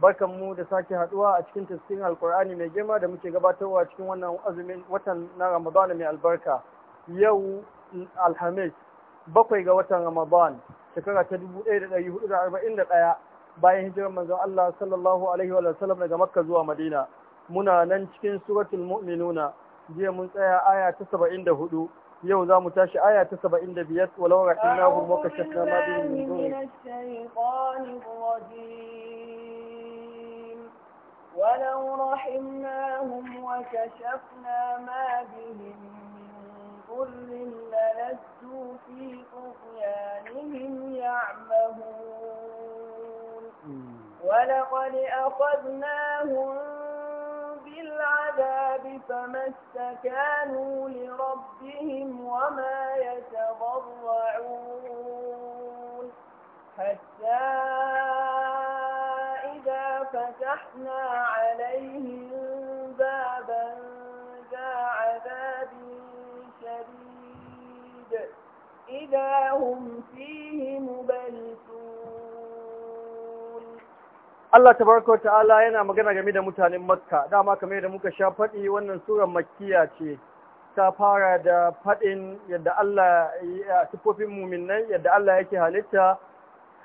barkan mu da sake haduwa a cikin tafsirin alkur'ani mai girma da muke gabatarwa cikin wannan azumin watan na ramadan mai albarka yau alhamis bakwai ga watan ramadan shekara ta dubu da da da hudu arba'in daya bayan hijirar manzon Allah sallallahu alaihi wa sallam daga makka zuwa madina muna nan cikin suratul mu'minuna jiya mun tsaya aya ta hudu yau za mu tashi aya ta 75 walau rahimnahum wa kashafna ma bihim min ولو رحمناهم وكشفنا ما بهم من ضر للجوا في طغيانهم يعمهون ولقد أخذناهم بالعذاب فما استكانوا لربهم وما يتضرعون حتى ففتحنا عليهم بابا ذا عذاب شديد إذا هم فيه مبلسون Allah تبارك وتعالى ta'ala yana magana game da mutanen Makka dama kamar da muka sha faɗi wannan surar Makkiya ce ta fara da faɗin yadda Allah ya sifofin muminai yadda Allah yake halitta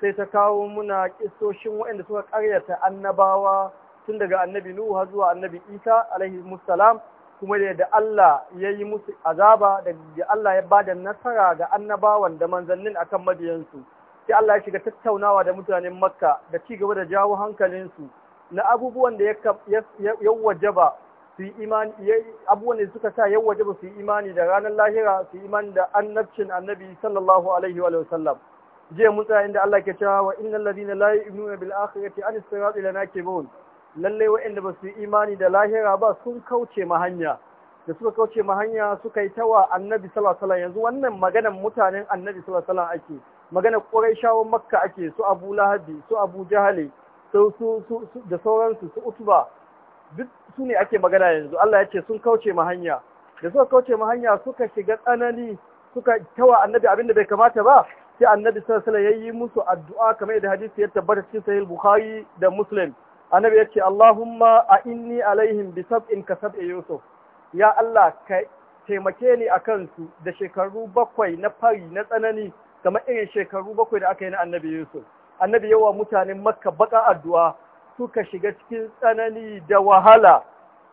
sai ta kawo muna kistoshin waɗanda suka karyata annabawa tun daga annabi Nuhu har zuwa annabi Isa alaihi musallam kuma da yadda Allah ya yi musu azaba da Allah ya ba da nasara ga annabawan da manzannin akan madiyansu sai Allah ya shiga tattaunawa da mutanen Makka da ci gaba da jawo hankalinsu na abubuwan da ya wajaba su suka sa ya wajaba su yi imani da ranar lahira su yi imani da annabcin annabi sallallahu alaihi wa sallam je mutsa inda Allah ke cewa wa innal ladina la yu'minuna bil akhirati an sirati lanakibun lalle wa'anda ba su imani da lahira ba sun kauce ma hanya da suka kauce ma hanya suka yi tawa annabi sallallahu alaihi yanzu wannan maganan mutanen annabi sallallahu alaihi wasallam ake magana quraishawan makka ake su abu lahabi su abu jahali su su da sauransu su utuba duk su ne ake magana yanzu Allah ya ce sun kauce ma hanya da suka kauce ma hanya suka shiga tsanani suka tawa annabi abin da bai kamata ba sai annabi sallallahu alaihi wasallam yayi musu addu'a kamar da hadisi ya tabbata cikin sahih bukhari da muslim annabi yace allahumma a inni alaihim bi sab'in ka sab'i yusuf ya allah ka taimake ni akan su da shekaru bakwai na fari na tsanani kamar irin shekaru bakwai da aka yi na annabi yusuf annabi yawa mutanen makka baka addu'a suka shiga cikin tsanani da wahala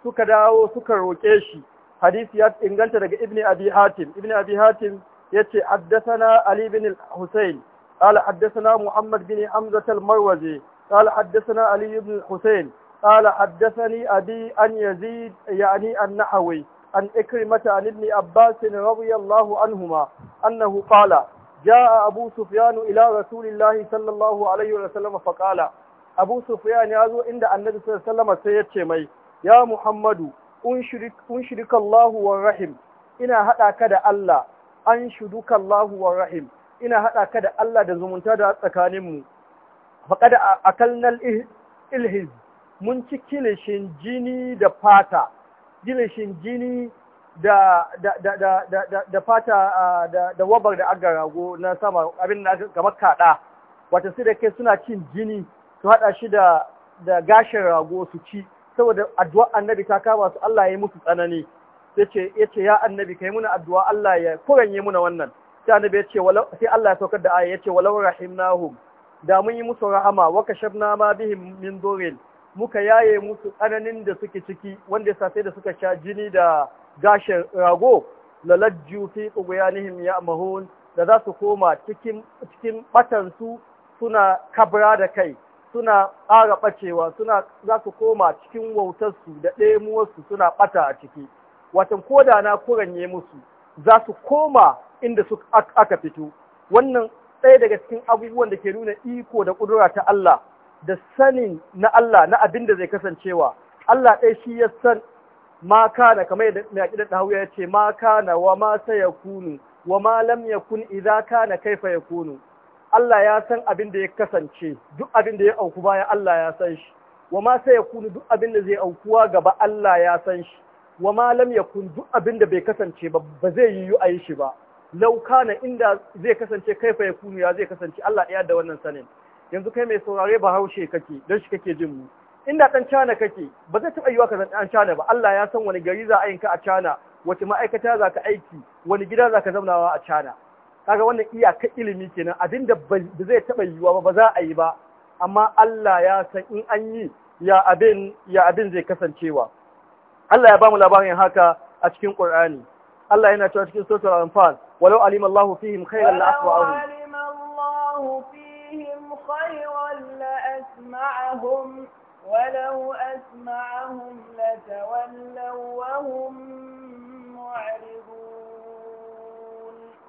suka dawo suka roƙe shi hadisi ya inganta daga ibni abi hatim ibni abi hatim yace haddathana ali bin al-husayn qala haddathana muhammad bin hamza al-marwazi qala haddathana ali ibn al-husayn qala haddathani abi an yazid yani an-nahawi an ikrimata an ibn abbas radiyallahu anhuma annahu qala جاء أبو سفيان إلى رسول الله صلى الله عليه وسلم فقال أبو سفيان يازو عند النبي صلى الله عليه وسلم سيتشي مي يا محمد أنشرك, أنشرك الله والرحم إنا هدا كدا الله an shuduka Allahu wa rahim ina haɗa ka da Allah da zumunta da tsakanin mu faqad akalnal ilhiz mun ci kilishin jini da fata kilishin jini da da da da da da fata da da wabar da aka rago na sama abin da kamar kada wata sai da ke suna cin jini su haɗa shi da da gashin rago su ci saboda addu'a annabi ta kama su Allah ya yi musu tsanani yace yace ya annabi kai muna addu'a Allah ya kuranye muna wannan sai annabi yace ce sai Allah ya saukar da aya yace walau rahimnahum da mun yi musu rahama wa kashafna ma bihim min durin muka yaye musu tsananin da suke ciki wanda sa sai da suka sha jini da gashin rago lalajju fi ya mahun da za su koma cikin cikin batan su suna kabra da kai suna ƙara ɓacewa suna za su koma cikin wautarsu da ɗemuwarsu suna ɓata a ciki watan koda na kuranye musu za su koma inda su aka fito wannan ɗaya daga cikin abubuwan da ke nuna iko da ƙudura ta Allah da sanin na Allah na abin da zai kasancewa Allah ɗaya shi ya san ma kana kamar yadda mai aƙidar hauya ya ce ma kana wa ma ya kunu? wa ma lam na idza kana kaifa kunu? Allah ya san abin da ya kasance duk abin da ya auku baya Allah ya san shi wa ma ya kunu duk abin da zai aukuwa gaba Allah ya san shi wa malam ya kun duk abin da bai kasance ba ba zai yiwu a yi shi ba lauka na inda zai kasance fa ya kunu ya zai kasance Allah ɗaya da wannan sanin yanzu kai mai saurare ba haushe kake don shi kake jin mu inda ɗan cana kake ba zai taɓa yiwa ka zan an cana ba Allah ya san wani gari za a ka a cana wace ma'aikata za ka aiki wani gida za ka zaunawa a cana kaga wannan iyaka ilimi kenan abin da ba zai taɓa yiwa ba ba za a yi ba amma Allah ya san in an yi ya abin ya abin zai kasancewa Allah ya ba mu labarin haka a cikin Ƙur'ani. Allah yana cewa cikin Sotar Anfal, walau alim Allah fi him kai wa la'asma a hu.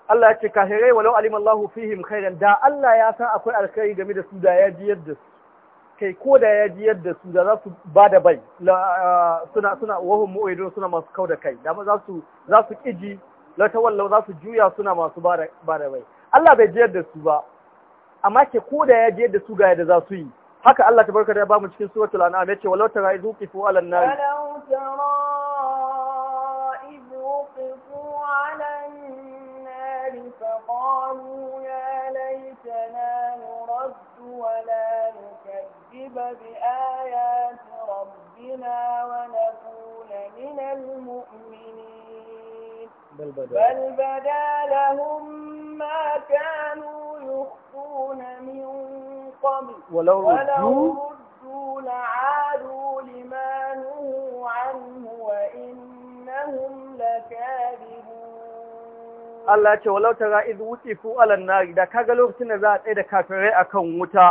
Allah ya ce, kahirai walau alim Allah fi him kai da Allah ya san akwai alkai game da su da ya ji yadda kai ko da ya ji yadda su da za su ba da bai suna suna wahun mu'idun suna masu kau da kai dama za su za su kiji la za su juya suna masu ba da bai Allah bai ji yadda su ba amma ke ko da ya ji yadda su ga yadda za su yi haka Allah ta barka da ya ba mu cikin suratul an'am yace walau tara izu qifu ala an-nar walau tara izu qifu ala nar faqalu ya laytana nurad wa la نكذب بآيات ربنا ونكون من المؤمنين بل بدا لهم ما كانوا يخفون من قبل ولو ردوا لعادوا لما نهوا عنه وإنهم لكاذبون Allah ce walau tara iz wuqifu alan nari da kaga lokacin da za a tsaye da kafirai akan wuta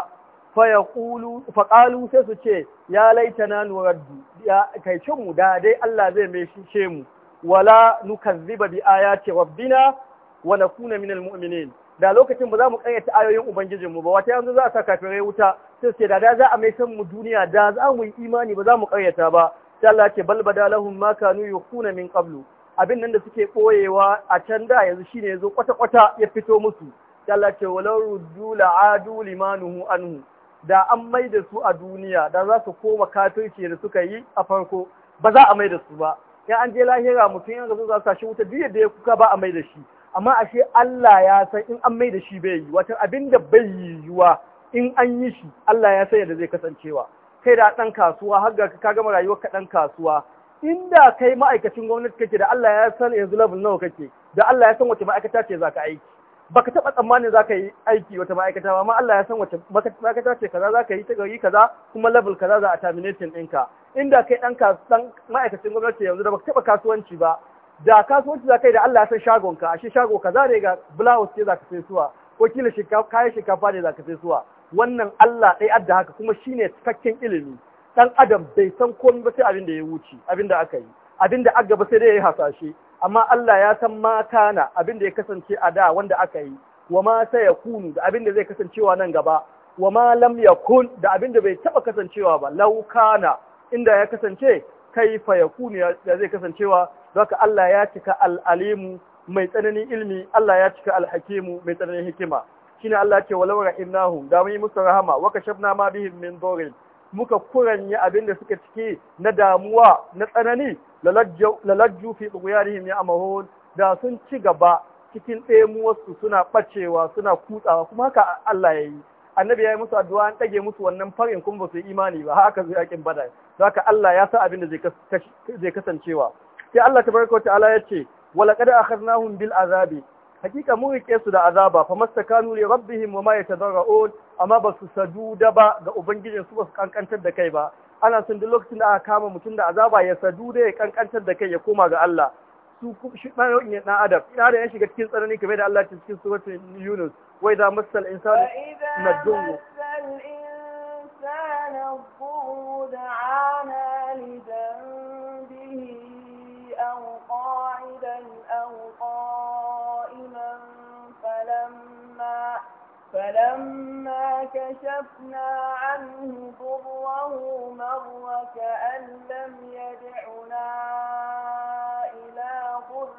faƙalu sai su ce ya laita na nuraddu ya kai mu da dai Allah zai mai shishe mu wala nukazziba bi ayati rabbina wa nakuna minal mu'minin da lokacin ba za mu karyata ayoyin ubangijinmu ba wata yanzu za a sa kafirai wuta sai ce da da za a mai san mu duniya da za mu yi imani ba za mu karyata ba sai Allah ce bal bada ma kanu yukhuna min qablu abin nan da suke ɓoyewa a can da yanzu shine yazo kwata kwata ya fito musu sai Allah ce walau ruddu la'adu limanuhu anhu da an mai da su a duniya da za su koma kafirci da suka yi a farko ba za a mai da su ba in an je lahira mutum yanzu rasu za su shi wuta duk da ya kuka ba a mai da shi amma ashe Allah ya san in an mai da shi bai yi wata abin da bai yi yiwa in an yi shi Allah ya san yadda zai kasancewa kai da ɗan kasuwa har ga ka gama rayuwar ka ɗan kasuwa inda kai ma'aikacin gwamnati kake da Allah ya san yanzu level nawa kake da Allah ya san wace ma'aikata ce za ka aiki baka taba tsammanin zaka yi aiki wata ma'aikata ba amma Allah ya san wata ma'aikata ce kaza zaka yi ta gari kaza kuma level kaza za a terminating ɗinka inda kai dan dan ma'aikacin gwamnati yanzu da baka taba kasuwanci ba da kasuwanci zaka yi da Allah ya san shagon ka ashe shago kaza ne ga blouse ce zaka sai suwa ko kila shinkafa kayan shinkafa ne zaka sai suwa wannan Allah ɗaya adda haka kuma shine cikakken ilimi dan adam bai san komai ba sai abin da ya wuce abin da aka yi abin da aka gaba sai dai ya yi hasashe amma Allah ya san mata na abin da ya kasance a da wanda aka yi wa ma kunu da abin da zai kasancewa nan gaba wa ma lam yakun da abin da bai taba kasancewa ba laukana inda ya kasance kaifa yakunu da zai kasancewa haka Allah ya cika al mai tsananin ilmi Allah ya cika alhakimu mai tsananin hikima shine Allah ce wa rahimnahum da mun yi musu rahama wa kashafna ma bihim min muka kuranye abin da suka ciki na damuwa na tsanani lalajju fi tsuguyanihim ya amahun da sun ci gaba cikin ɗemuwarsu suna ɓacewa suna kutsawa kuma haka Allah ya yi annabi ya yi musu addu'a an ɗage musu wannan farin kuma ba su yi imani ba haka zai yakin bada ka Allah ya sa abin da zai kasancewa sai Allah ta barka ta'ala ya ce wala qad akhadnahum bil azabi hakika mun rike su da azaba fa mastakanu li rabbihim ta yatadarrun amma ba su saduda ba ga ubangijin su ba su kankantar da kai ba ana son duk lokacin da aka kama mutum da azaba ya sadu da ya kankantar da kai ya koma ga Allah su shi ɗan ne ɗan ina da ya shiga cikin tsanani kamar da Allah cikin suratul Yunus wai da masal insanu madun أو قاعدا أو قائما فلما كشفنا عنه ضره مر كأن لم يدعنا إلى ضر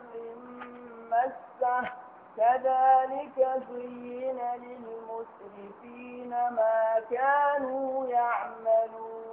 مسه كذلك زين للمسرفين ما كانوا يعملون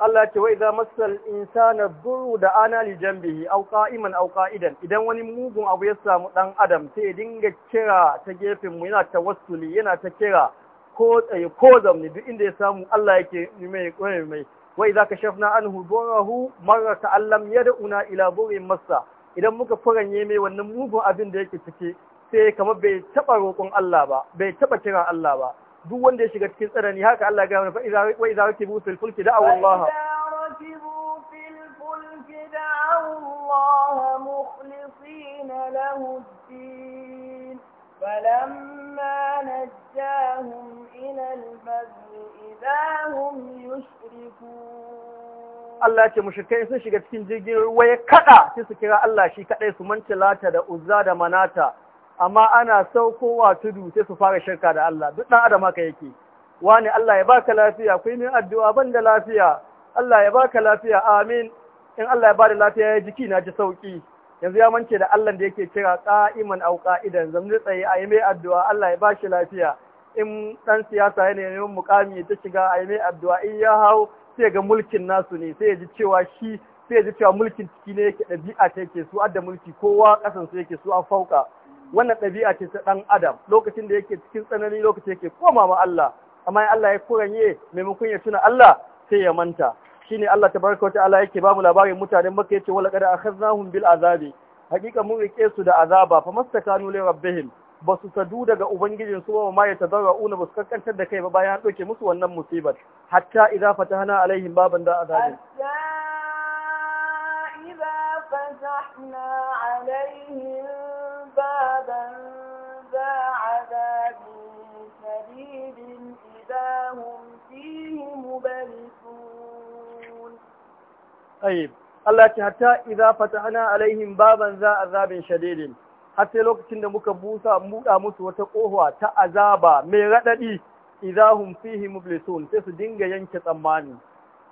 Allah ce wai za masal insana duru da ana li jambihi au qa'iman au qa'idan idan wani mugun abu ya samu dan adam sai dinga kira ta gefen mu yana ta tawassuli yana ta kira ko tsaye ko zamni duk inda ya samu Allah yake mai koyar mai wai za ka shafna anhu durahu marra ta'allam yad'una ila burin masa? idan muka furanye mai wannan mugun abin da yake cike sai kamar bai taba roƙon Allah ba bai taba kiran Allah ba duk wanda ya shiga cikin tsanani haka Allah ya gaya fa idza wa idza fil fulki da Allah فلما نجاهم إلى البر إذا هم يشركون Allah ce mushrikai sun shiga cikin jirgin ruwa ya kada sai su kira Allah shi kadai su manta lata da uzza da manata amma ana saukowa tudu sai su fara shirka da Allah duk ɗan adam haka yake wani Allah ya baka lafiya ku yi min addu'a ban lafiya Allah ya baka lafiya amin in Allah ya ba lafiya ya jiki na ji sauki yanzu ya mance da Allah da yake kira qa'iman aw qa'idan zamni tsaye a yi mai addu'a Allah ya bashi lafiya in dan siyasa yana neman mukami ta shiga a yi mai addu'a in ya hau sai ga mulkin nasu ne sai ya ji cewa shi sai ya ji cewa mulkin ciki ne yake ɗabi'a ta yake su adda mulki kowa kasan su yake su an fauka wannan ɗabi'a ce ta ɗan adam lokacin da yake cikin tsanani lokacin yake koma ma Allah amma Allah ya kuranye maimakon ya tuna Allah sai ya manta shine Allah tabaraka ta'ala yake ba mu labarin mutanen Makka yace wala qad akhadnahum bil azabi Haƙiƙa mun rike su da azaba fa mastakanu li rabbihim basu sadu daga ubangijin su ba ma ya tadarrauna basu kankantar da kai ba bayan doke musu wannan musibar hatta idza fatahna alaihim baban da azabi hatta idza fatahna بابا ذا عذاب شديد إذا هم فيه مبلسون طيب Allah ce hatta idza fatahna alaihim baban za azabin shadidin har lokacin da muka busa buɗa musu wata ƙoha ta azaba mai raɗaɗi idahum fihi mublisun sai su dinga yanke tsammani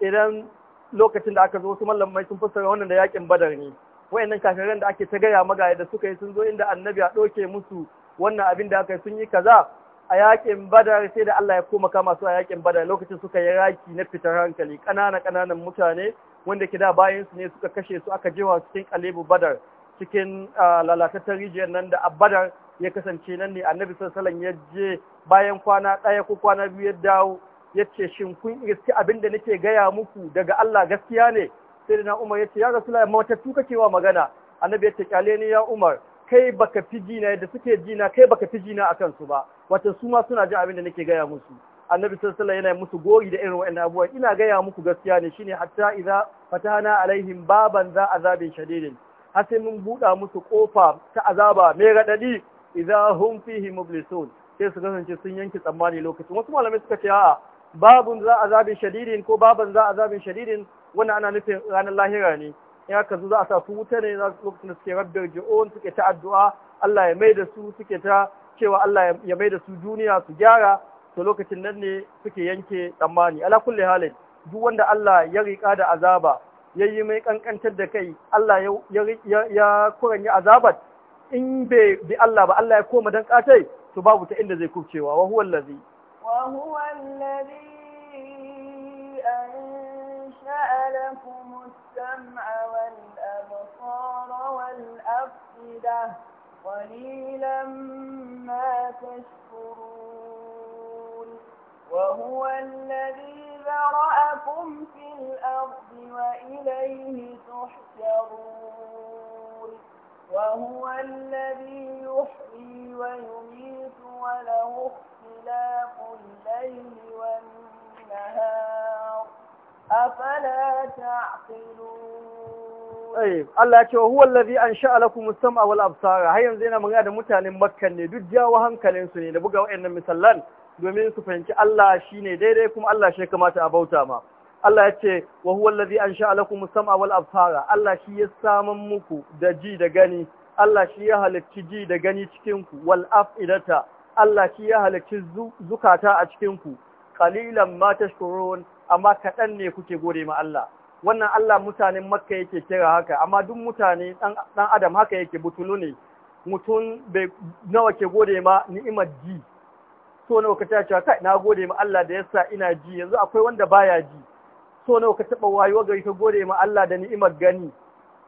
idan lokacin da aka zo su mallamai sun fassara wannan da yakin badar ne wayannan kafiran da ake ta gaya magaya da suka yi sun zo inda annabi a ɗauke musu wannan abin da aka yi sun yi kaza a yakin badar sai da Allah ya koma kama su a yakin badar lokacin suka yi raki na fitar hankali ƙanana ƙananan mutane wanda ke da bayan su ne suka kashe su aka jewa cikin kalebu badar cikin lalatattar rijiyar nan da a badar ya kasance nan ne annabi sallallahu ya je bayan kwana ɗaya ko kwana biyu ya dawo ya ce shin kun iske abin da nake gaya muku daga Allah gaskiya ne sai da umar ya ce ya rasulullahi matattu kake wa magana annabi ya ce kyale ni ya umar kai baka fi jina yadda suke jina kai baka fi jina akan su ba wato su ma suna ji abin da nake gaya musu annabi sallallahu alaihi yana musu gori da irin wa'annan abubuwa ina gaya muku gaskiya ne shine hatta idza fatahana alaihim baban za azabin shadidin har sai mun buɗa musu kofa ta azaba mai raɗaɗi idza hum fihi mublisun sai su kasance sun yanke tsammani lokacin wasu malamai suka ce a'a babun za azabin shadidin ko baban za azabin shadidin wannan ana nufin ranar lahira ne in aka za a sa su wuta ne za su lokacin da suke rabbar ji'on suke ta addu'a Allah ya mai da su suke ta cewa Allah ya mai da su duniya su gyara to lokacin nan ne suke yanke tsammani ala kulli halin duk wanda Allah ya riƙa da azaba ya yi mai kankantar da kai Allah ya kuranya azabat in bai bi Allah ba Allah ya koma dan katai to babu ta inda zai kubcewa wa huwa allazi wa huwa allazi لكم السمع والأبصار والأفئدة قليلا ما تشكرون وهو الذي ذرأكم في الأرض وإليه تحشرون وهو الذي يحيي ويميت وله اختلاف الليل والنهار afala ta'qilun eh Allah ya ce wa huwa allazi an lakum as-sam'a wal absara har yanzu yana magana da mutanen Makka ne duk jawo hankalin su ne da buga wayannan misallan domin su fahimci Allah shi ne daidai kuma Allah shi kamata a bauta ma Allah ya ce wa huwa allazi an lakum as-sam'a wal absara Allah shi ya saman muku da ji da gani Allah shi ya halicci ji da gani cikin ku wal afidata Allah shi ya halicci zukata a cikin ku qalilan ma tashkurun amma kaɗan ne kuke gode ma Allah wannan Allah mutanen makka yake kira haka amma duk mutane ɗan adam haka yake butulu ne mutum bai nawa ke gode ma ni'imar ji so nawa ka tashi kai na gode ma Allah da yasa ina ji yanzu akwai wanda baya ji so nawa ka taba wayo gari ka gode ma Allah da ni'imar gani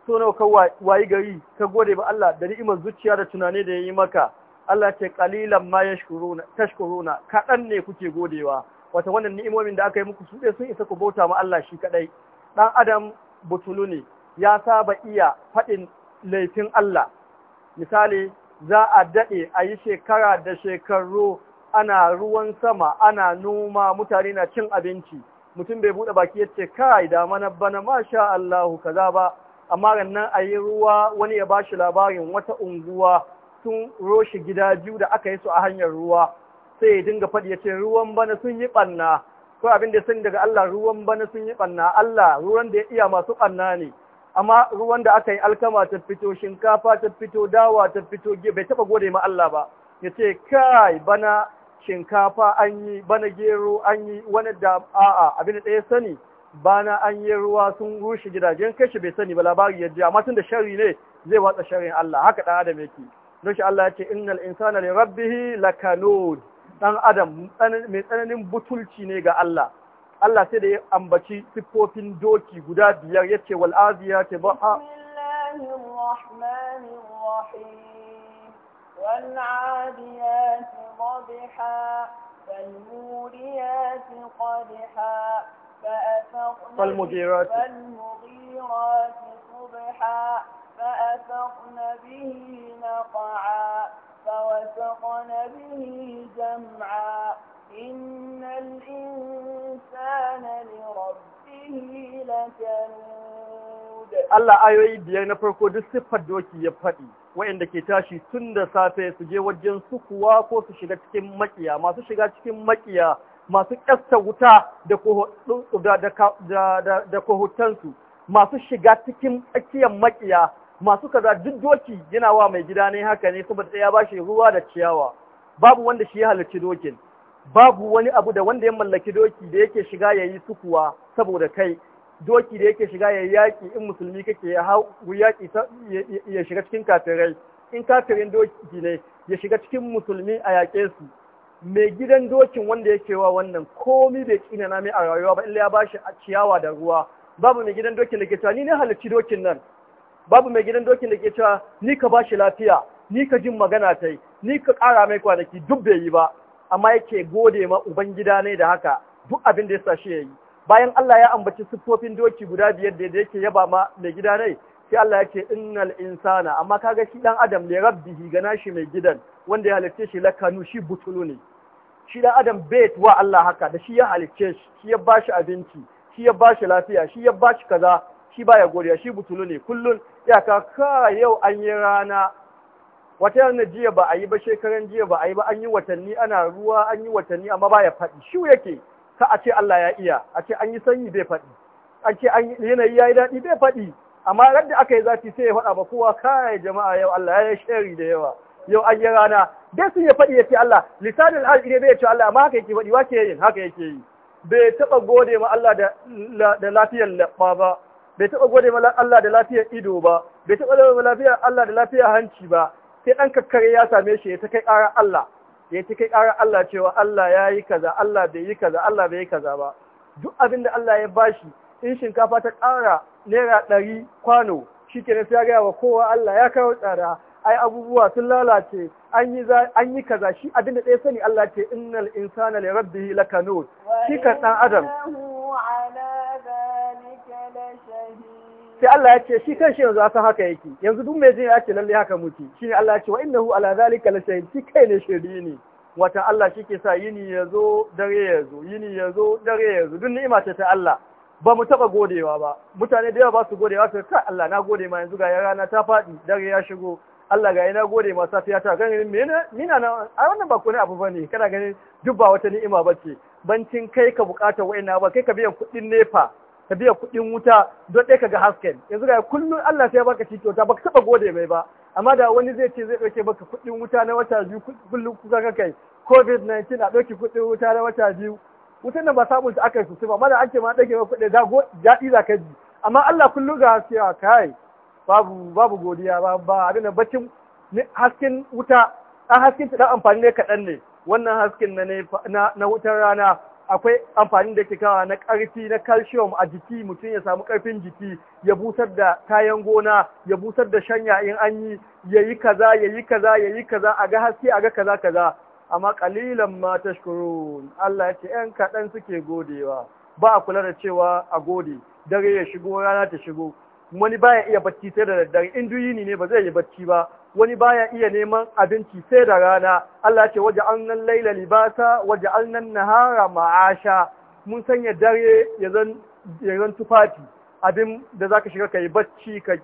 so nawa ka wayi gari ka gode ma Allah da ni'imar zuciya da tunane da yayi maka Allah ce qalilan ma yashkuruna tashkuruna kadan ne kuke godewa wata wannan ni'imomin da aka yi muku su sun isa ku bauta ma Allah shi kaɗai ɗan adam butulu ne ya saba iya faɗin laifin Allah misali za a daɗe a yi shekara da shekaru ana ruwan sama ana noma mutane na cin abinci mutum bai buɗe baki ya kai da mana bana masha Allahu kaza ba amma rannan a yi ruwa wani ya bashi labarin wata unguwa sun roshi gida biyu da aka yi su a hanyar ruwa sai ya dinga faɗi ya ce ruwan bana sun yi ɓanna ko abin da sun daga Allah ruwan bana sun yi ɓanna Allah ruwan da ya iya masu ɓanna ne amma ruwan da aka yi alkama ta fito shinkafa ta fito dawa ta fito bai taɓa gode ma Allah ba ya ce kai bana shinkafa an yi bana gero an yi wani da a'a abin da ɗaya sani bana an yi ruwa sun rushe gidajen kashi bai sani ba labari yadda amma tun da shari ne zai watsa sharin Allah haka ɗan adam yake don shi Allah ya ce innal insana li rabbihi lakanud ɗan adam mai tsananin butulci ne ga Allah Allah sai da ya ambaci siffofin doki guda biyar yace wal aziyati ta ba ha. فالموريات فالمغيرات صبحا به نقعا فوسقن به جمعا إن الإنسان لربه لكنود Allah ayoyi biyar na farko duk siffar doki ya faɗi waɗanda ke tashi tun da safe su je wajen kuwa ko su shiga cikin makiya masu shiga cikin makiya masu ƙasta wuta da kohotansu masu shiga cikin tsakiyar makiya masu kaza duk doki yana wa mai gida ne haka ne saboda ya ba shi ruwa da ciyawa babu wanda shi ya halarci dokin babu wani abu da wanda ya mallaki doki da yake shiga ya yi sukuwa saboda kai doki da yake shiga ya yaƙi in musulmi kake ya hau yaƙi ya shiga cikin kafirai in kafirin doki ne ya shiga cikin musulmi a yaƙe su mai gidan dokin wanda yake wa wannan komi bai tsina na mai a rayuwa ba illa ya ba a ciyawa da ruwa babu mai gidan dokin da ke cewa ni ne halarci dokin nan babu mai gidan dokin da ke cewa ni ka ba shi lafiya ni ka jin magana ta yi ni ka ƙara mai kwanaki duk bai yi ba amma yake gode ma uban gida ne da haka duk abin da ya sashe shi ya yi bayan Allah ya ambaci siffofin doki guda biyar da yake yaba ma mai gida ne sai Allah ya ce innal insana amma kaga shi dan adam ne rabbihi gana shi mai gidan wanda ya halicce shi lakanu shi butulu ne shi dan adam bai wa Allah haka da shi ya halicce shi ya ba shi abinci shi ya ba shi lafiya shi ya ba shi kaza shi baya godiya shi butulu ne kullun ya ka ka yau an yi rana wata yana jiya ba a yi ba shekaran jiya ba a yi ba an yi watanni ana ruwa an yi watanni amma baya faɗi shi yake ka a ce Allah ya iya a ce an yi sanyi bai faɗi an ce yanayi ya yi daɗi bai faɗi amma radda aka yi zafi sai ya faɗa ba kowa kai jama'a yau Allah ya yi shari da yawa yau an yi rana dai sun ya faɗi ya ce Allah lisanin hal ne bai ce Allah amma haka yake faɗi wa ke yin haka yake yi bai taɓa gode ma Allah da lafiyar laɓɓa ba bai taɓa gode ma Allah da lafiyar ido ba bai taɓa gode ma lafiyar Allah da lafiyar hanci ba sai ɗan kakkare ya same shi ya ta kai ƙara Allah ya ta kai ƙara Allah cewa Allah ya yi kaza Allah bai yi kaza Allah bai yi kaza ba duk abin da Allah ya bashi in shinkafa ta ƙara naira ɗari kwano shi ke sai ya gaya wa kowa Allah ya kawo tsada ai abubuwa sun lalace an yi kaza shi abin da ɗaya sani Allah ce innal insana li rabbihi lakanut shi kan ɗan adam sai Allah ya ce shi kan shi yanzu san haka yake yanzu duk mai jin ya ce lalle haka muke ne Allah ya ce wa innahu ala zalika la shahid shi kai ne shiri ne watan Allah shi ke sa yini ya zo dare ya zo yini ya zo dare ya zo duk ni'ima ce ta Allah ba mu taba godewa ba mutane da yawa ba su godewa su ka Allah na gode ma yanzu ga rana ta fadi dare ya shigo Allah ga na gode ma safiya ta ganin mina mina na a wannan ba ne abu bane kana ganin duk ba wata ni'ima bace bancin kai ka bukata wa'ina ba kai ka biyan kuɗin nefa ka biya kuɗin wuta don ɗaya ka ga hasken yanzu ga kullum Allah sai ya baka shi kyauta baka taɓa gode mai ba amma da wani zai ce zai ɗauke baka kuɗin wuta na wata biyu kullum kuka ka kai covid-19 a ɗauki kuɗin wuta na wata biyu wutan nan ba sabon ta aka yi sosai ba amma da an ce ma ɗauke maka kuɗi daɗi za ka ji amma Allah kullum ga haske a kai babu babu godiya ba ba abin bacin hasken wuta ɗan hasken ta ɗan amfani ne kaɗan ne wannan hasken na na wutar rana akwai amfani da ke kawa na ƙarfi na calcium a jiki mutum ya samu ƙarfin jiki ya busar da kayan gona ya busar da shanya in an yi ya yi kaza ya yi kaza ya yi kaza a ga haske a ga kaza kaza amma ƙalilan ma tashkurun Allah ya ce ‘yan kaɗan suke godewa ba a kula da cewa a gode dare ya shigo rana ta shigo wani baya iya bacci sai da daddare in duyini ne ba zai yi bacci ba wani baya iya neman abinci sai da rana Allah ce waje annan laila libasa waje nan nahara ma'asha mun sanya dare ya zan tufafi abin da ka shiga kai bacci ka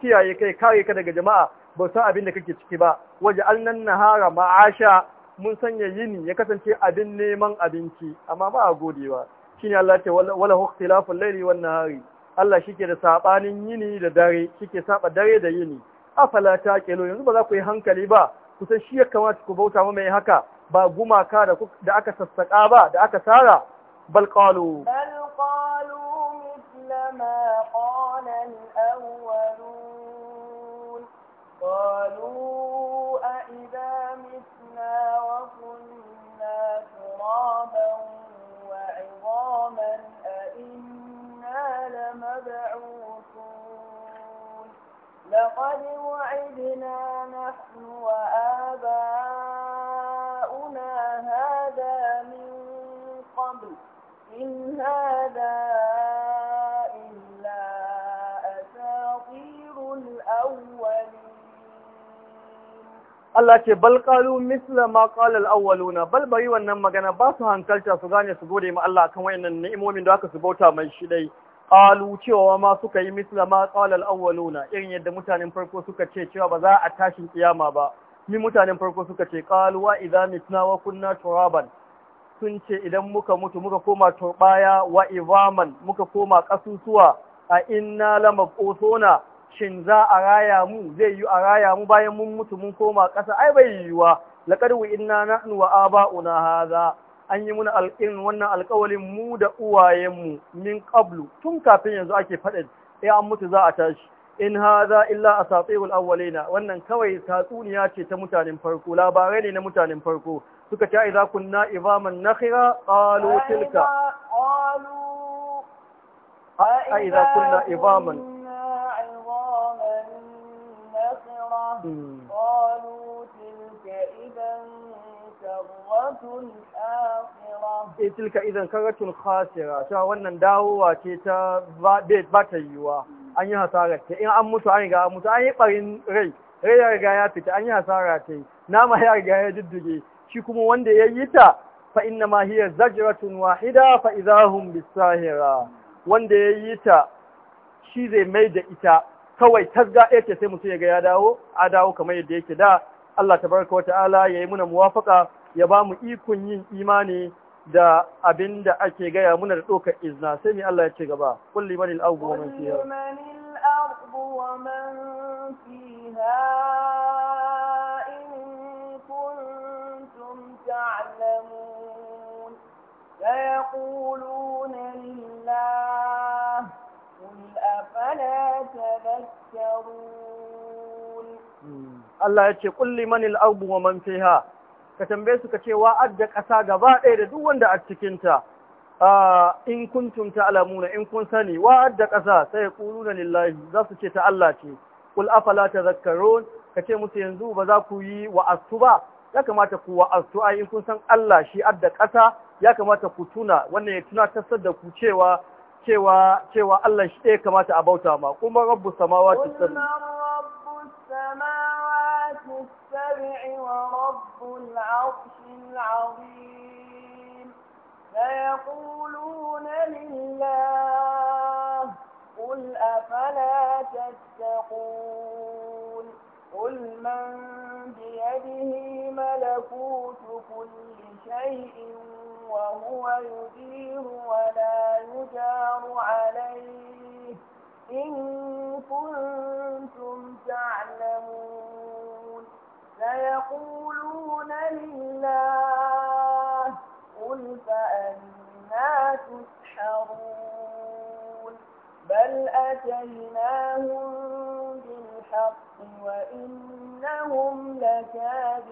kiyaye kai kare ka daga jama'a ba san abin da kake ciki ba waje nan nahara ma'asha mun sanya yini ya kasance abin neman abinci amma ba a godewa shine Allah ce wala ikhtilaful laili wan nahari Allah shike da sabanin yini da dare shike saba dare da yini afala taqilu yanzu ba za ku yi hankali ba kusan shi ya kamata ku bauta ma mai haka ba gumaka da da aka sassaka ba da aka sara bal qalu bal qalu mithla ma qala al awwalun qalu a idha mitna wa kunna turaban wa 'idhaman a inna lamab'uthun لقد وعدنا نحن وآباؤنا هذا من قبل إن هذا إلا أساطير الأولين Allah ce bal qalu misla ma qala al-awwaluna bal bai wannan magana ba su hankalta su gane su gode ma Allah kan wayannan ni'imomin da aka su bauta mai shi dai qalu cewa ma suka yi misla ma qala al-awwaluna irin yadda mutanen farko suka ce cewa ba za a tashin kiyama ba ni mutanen farko suka ce qalu wa idza mitna wa kunna turaban sun ce idan muka mutu muka koma turbaya wa izaman muka koma kasusuwa a inna ƙosona, shin za a raya mu zai yi a raya mu bayan mun mutu mun koma ƙasa ai bai yiwuwa laqad wa inna nahnu wa aba'una hadha an yi muna alƙin wannan alƙawalin mu da uwayenmu min qablu tun kafin yanzu ake faɗa sai eh, an mutu za a tashi in hadha illa asatirul awwalina wannan kawai tatsuniya ce ta mutanen farko labarai ne na mutanen farko suka ce idza kunna Ivaman nakhira qalu tilka qalu a idza kunna izaman izaman nakhira hmm. eh tilka izan karatun khasira cewa wannan dawowa ce ta ba ta yiwuwa an yi hasara in an mutu an riga an mutu an yi barin rai rai ya riga ya fita an yi hasara nama ya riga ya diddige shi kuma wanda ya yi ta fa inna mahiyar hiya wahida fa idahum bisahira wanda ya yi ta shi zai mai da ita kawai tasga ɗaya ce sai mutum ya ga ya dawo a dawo kamar yadda yake da Allah tabaraka wa ta'ala ya yi muna muwafaka ya ba mu ikon yin imani da abin da ake gaya muna da ɗaukar izna sai mai Allah ya ce gaba kulli man al'abu wa man fiha سيقولون لله قل أفلا تذكرون الله يقول لمن الأرض ومن فيها ka tambaye su ka ce wa adda ƙasa gaba ɗaya da duk wanda a cikinta in kuntum ta'lamuna in kun sani wa adda ƙasa sai quluna lillahi za su ce ta Allah ce kul afala tadhakkarun ka ce musu yanzu ba za ku yi wa'astu ba ya kamata ku wa'astu ai in kun san Allah shi adda ƙasa ya kamata ku tuna wannan ya tuna tasar da ku cewa cewa cewa Allah shi ɗaya kamata a bauta ma kuma rabbus samawati wal رب العرش العظيم فيقولون لله قل أفلا تتقون قل من بيده ملكوت كل شيء وهو يدير ولا يجار عليه إن كنتم تعلمون Saya kulu na lila, kulka a ni na su ci a can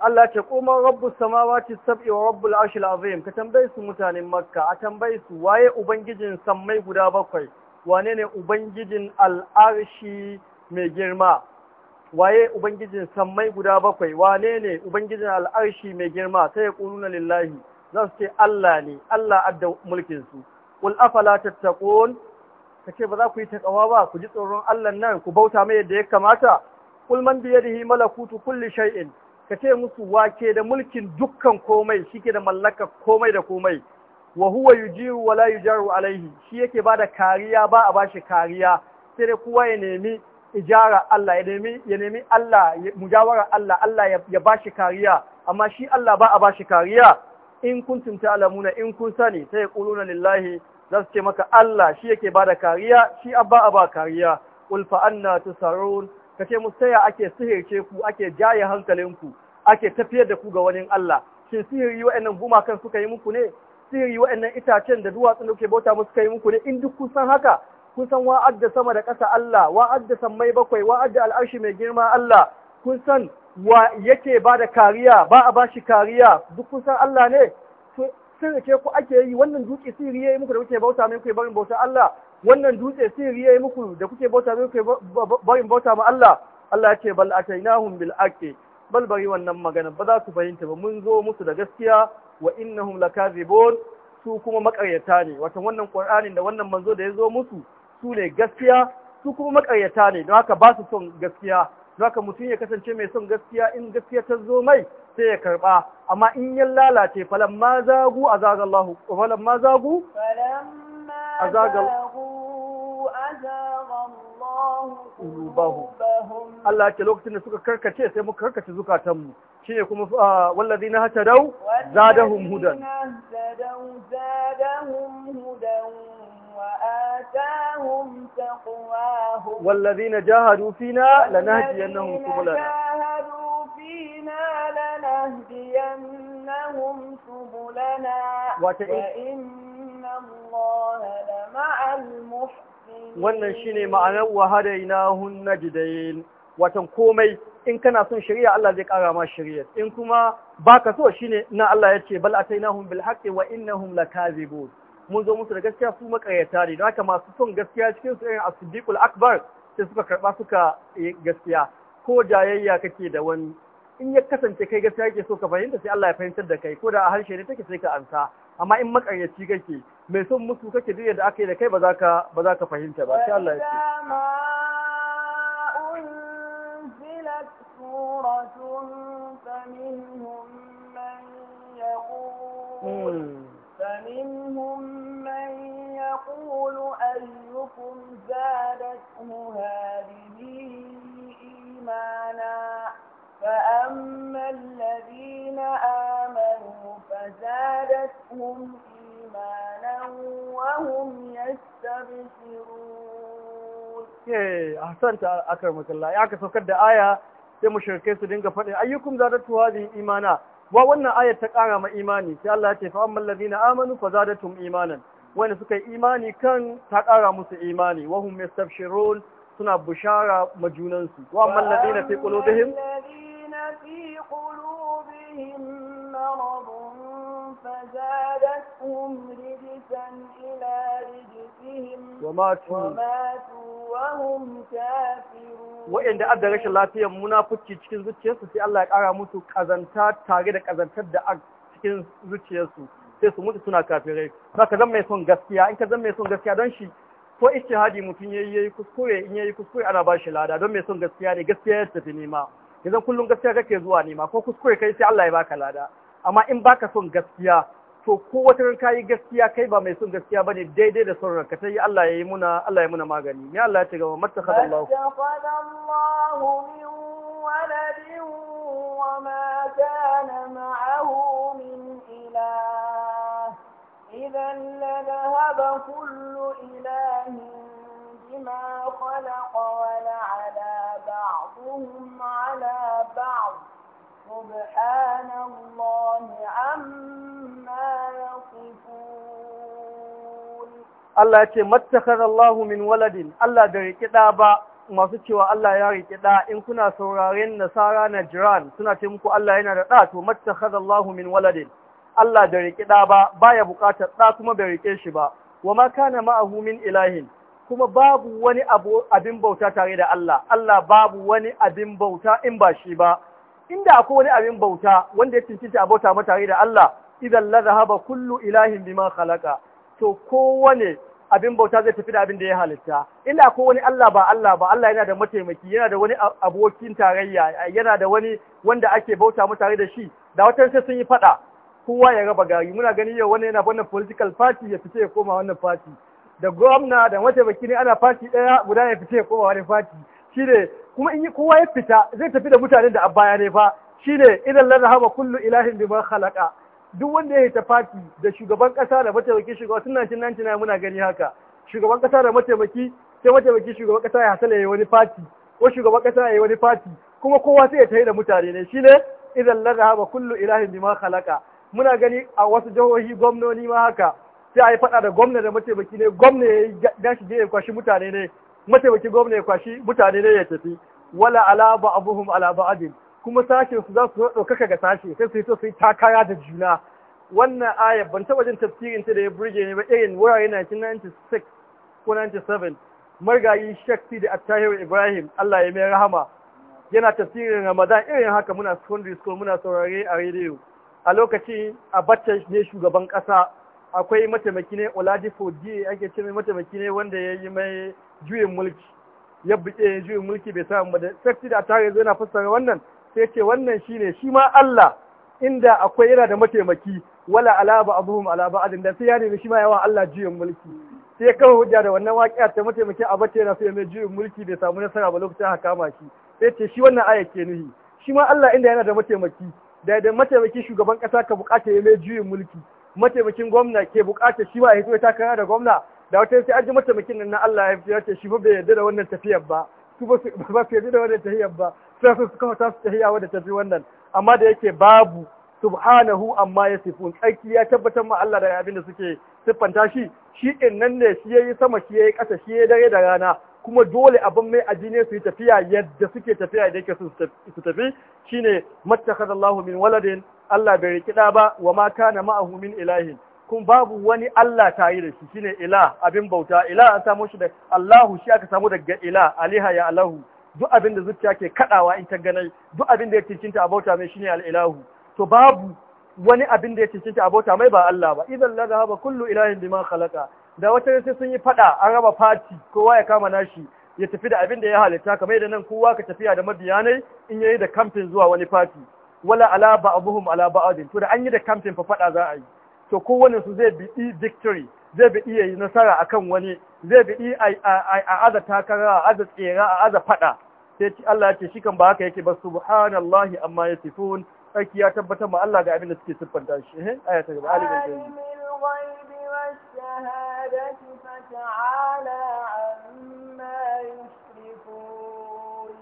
Allah ce komai Rabbu sama ba ci sabuwa Rabbu la'ashu Ka tambaye su mutanen Makka, a tambaye su waye ubangijin saman guda bakwai. Wanene ubangijin al'adu shi mai girma? waye ubangijin sammai guda bakwai wane ne ubangijin al'arshi mai girma sai ya na lillahi za su ce Allah ne Allah adda mulkin su ta taƙon, Ka ce ba za ku yi taƙawa ba ku ji tsoron Allah nan ku bauta mai yadda ya kamata qul man da yadihi malakutu kulli shay'in ce musu wake da mulkin dukkan komai shi ke da mallaka komai da komai wa huwa yujiru wala yujaru alaihi shi yake bada kariya ba a bashi kariya sai dai kowa ya nemi ijara Allah ya nemi ya nemi Allah mujawara Allah Allah ya bashi kariya amma shi Allah ba a bashi kariya in kuntum ta'lamuna in kun sani sai quluna lillahi za su ce maka Allah shi yake bada kariya shi abba a ba kariya qul fa anna tusarun kace mu saya ake sihirce ku ake jaye hankalinku ake tafiyar da ku ga wani Allah shin sihiri wa'annan gumakan suka yi muku ne sihiri wa'annan itacen da duwatsun da kuke bauta musu kai muku ne in duk kun san haka kun san wa adda sama da ƙasa Allah wa adda sammai bakwai wa adda al'arshi mai girma Allah kun san wa yake ba da kariya ba a bashi kariya duk kun san Allah ne sun rike ku ake yi wannan dutse sirri yi muku da kuke bauta mai kuke barin bauta Allah wannan dutse sirri yi muku da kuke bauta mai kuke barin bauta ma Allah Allah ce bal nahun bil ake. bal bari wannan magana ba za su fahimta ba mun zo musu da gaskiya wa innahum lakazibun su kuma makaryata ne wato wannan qur'anin da wannan manzo da ya zo musu su ne gaskiya su kuma makaryata ne don haka ba su son gaskiya don haka mutum ya kasance mai son gaskiya in gaskiya ta zo mai sai ya karba amma in ya lalace falamma zagu a azagallahu falamma zagu a qulubahum Allah ke lokacin da suka karkace sai muka karkace zukatanmu ne kuma ah, walladina hatadaw zadahum hudan zadahum hudan وآتاهم تقواهم والذين جاهدوا فينا لنهدينهم سبلنا لنهدينهم سبلنا وإن الله لمع المحسنين wannan shine ma'anar wa hadainahun najdain watan komai in kana son shari'a Allah zai kara ma shari'a in kuma baka so shine na Allah yace bal atainahum bil haqqi wa innahum lakazibun mun zo musu da gaskiya su makayata ne haka masu son gaskiya cikin su irin as akbar sai suka karba suka gaskiya ko jayayya kake da wani in ya kasance kai gaskiya yake so ka fahimta sai Allah ya fahimtar da kai ko da a harshe ne take sai ka ansa amma in makaryaci kake mai son musu kake duk yadda aka yi da kai ba za ka ba za ka fahimta ba sai Allah ya ce فمنهم من يقول فمنهم من يقول أيكم زادته هذه إيمانا فأما الذين آمنوا فزادتهم إيمانا وهم يستبشرون أحسنت أكرمك الله يعكس وكد آية sai mushrikai su dinga faɗin ayyukum zadatu hadhihi wa wannan ayar ta ƙara ma imani sai Allah ce fa amman ladina amanu fa zadatum imanan wanda suka yi imani kan ta ƙara musu imani wa hum yastabshirun suna bushara majunan su wa amman ladina fi qulubihim fi qulubihim maradun رجسا إلى رجسهم وماتوا وماتوا وهم كافرون cikin zuciyarsu sai Allah ya ƙara musu kazanta tare da kazantar da cikin zuciyarsu sai su mutu suna kafirai ka zan mai son gaskiya in ka zan mai son gaskiya don shi ko hadi mutum yayi yayi kuskure in yayi kuskure ana ba shi lada don mai son gaskiya ne gaskiya ya tafi nema yanzu kullum gaskiya kake zuwa nema ko kuskure kai sai Allah ya baka lada amma in baka son gaskiya to ko wata ran gaskiya kai ba mai son gaskiya bane daidai da son ranka sai Allah yayi muna Allah muna magani ni Allah ya ce gaba mattakhadha Allah mattakhadha Allah min waladin wa ma kana ma'ahu min ilah idan la dhahaba kullu ilahin bima khalaqa wa la ala ba'dhum ala ba'd سبحان الله عما يصفون الله يتي ما اتخذ الله من ولد الله بريك دابا masu cewa Allah ya riƙe ɗa in kuna sauraren nasara na jiran suna ce muku Allah yana da ɗa to mattakhadallahu min waladin Allah da riƙe ɗa ba baya buƙatar ɗa kuma bai riƙe shi ba wa ma kana ma'ahu min ilahin kuma babu wani abin bauta tare da Allah Allah babu wani abin bauta in ba shi ba inda akwai wani abin bauta wanda ya cincinta a bauta mata da Allah idan la zahaba kullu ilahin bima khalaqa to kowane abin bauta zai tafi da abin da ya halitta inda akwai wani Allah ba Allah ba Allah yana da mataimaki yana da wani abokin tarayya yana da wani wanda ake bauta mata da shi da watan sai sun yi fada kowa ya raba gari muna gani yau wani yana wannan political party ya fice ya koma wannan party da gwamna da mataimaki ne ana fati daya guda ya fice ya koma wani fati shi kuma in yi kowa ya fita zai tafi da mutanen da abaya ne fa shine idan la zahaba kullu ilahin bima khalaqa duk wanda ya ta fati da shugaban kasa da mataimakin shugaba tun 1999 muna gani haka shugaban kasa da mataimaki sai mataimakin shugaban kasa ya hasala yayi wani fati ko shugaban kasa yayi wani fati kuma kowa sai ya tafi da mutane ne shine idan la zahaba kullu ilahin bima khalaqa muna gani a wasu jihohi gwamnoni ma haka sai a yi faɗa da gwamna da mataimaki ne gwamna ya yi gashi je ya kwashi mutane ne mataimakin gwamna ya kwashi mutane ne ya tafi wala ala ba'abuhum ala aji. kuma sashen su za su ɗaukaka ga sashe sai su yi so su kaya takara da juna wannan aya ban taɓa jin tafsirin ta da ya burge ne ba irin wurare 1996 ko 97 margayi shakti da attahiru ibrahim allah ya mai rahama yana tafsirin ramadan irin haka muna secondary school muna saurare a rediyo a lokacin abacha ne shugaban kasa. akwai mataimaki ne Oladipo Di ake ce mai mataimaki ne wanda ya yi mai juyin mulki ya buke juyin mulki bai samu ba da sarki da tare yana fassara wannan sai ce wannan shine shi ma Allah inda akwai yana da mataimaki wala ala abubuwan ala adin da sai ya nemi shi ma yawa Allah juyin mulki sai kawai hujja da wannan waƙiya ta mataimaki a bace yana sai mai juyin mulki bai samu nasara ba lokacin haka ma shi sai ce shi wannan aya ke nuhi shi ma Allah inda yana da mataimaki da da mataimaki shugaban kasa ka bukace ya mai juyin mulki mataimakin gwamna ke bukatar shi ba ya hito takara da gwamna da wata sai an ji mataimakin nan na Allah ya fitar ta shi ba bai da wannan tafiyar ba su ba su yarda da wannan tafiyar ba sai su suka ta su tafiya tafi wannan amma da yake babu subhanahu amma ya sifun tsarki ya tabbatar ma Allah da abin da suke siffanta shi shi din nan ne shi yayi sama shi yayi ƙasa shi yayi dare da rana kuma dole abin mai ajiye su yi tafiya yadda suke tafiya da yake su tafi shine mattakhadha Allahu min waladin Allah bai riki da ba wa ma kana ma'ahu min ilahin kun babu wani Allah ta yi da shi shine ila abin bauta ila an samo shi da Allahu shi aka samu daga ila aliha ya Allahu duk abin da zuciya ke kaɗawa in ta ganai duk abin da ya cincinta a bauta mai shine al to babu wani abin da ya cincinta a bauta mai ba Allah ba idan la dhahaba kullu ilahin bima khalaqa da wata sai sun yi fada an raba fati kowa ya kama nashi ya tafi da abin da ya halitta kamar da nan kowa ka tafiya da mabiyanai in yayi da kamfin zuwa wani fati wala ala ba'dhum ala ba'd to da an yi da kamfin fa fada za a yi to kowanne su zai bi victory zai bi iya nasara akan wani zai bi a aza takara a aza tsera a aza fada sai Allah ya ce shi kan ba haka yake ba subhanallahi amma yasifun sarki ya tabbatar ma Allah ga abin da suke siffanta shi eh aya ta gaba alimin الشهادة فتعالى عما يشركون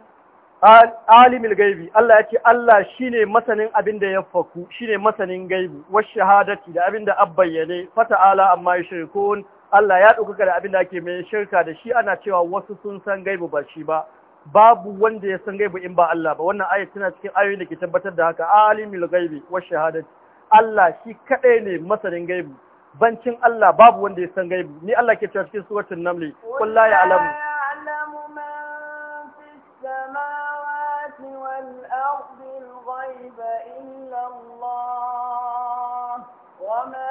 عالم الغيب الله يكي الله شيني مثلا أبن دي يفكو شيني مثلا غيب والشهادة دا أبن دا أبيني فتعالى عما يشركون Allah ya ɗaukaka da abin da ake mai shirka da shi ana cewa wasu sun san gaibu ba shi ba babu wanda ya san gaibu in ba Allah ba wannan ayat tana cikin ayoyin da ke tabbatar da haka alimul gaibi wa shahadati Allah shi kadai ne masanin gaibu bancin Allah babu wanda ya san gaibu ni Allah ke cikin suratul naml qul la ya'lamu alamu Allah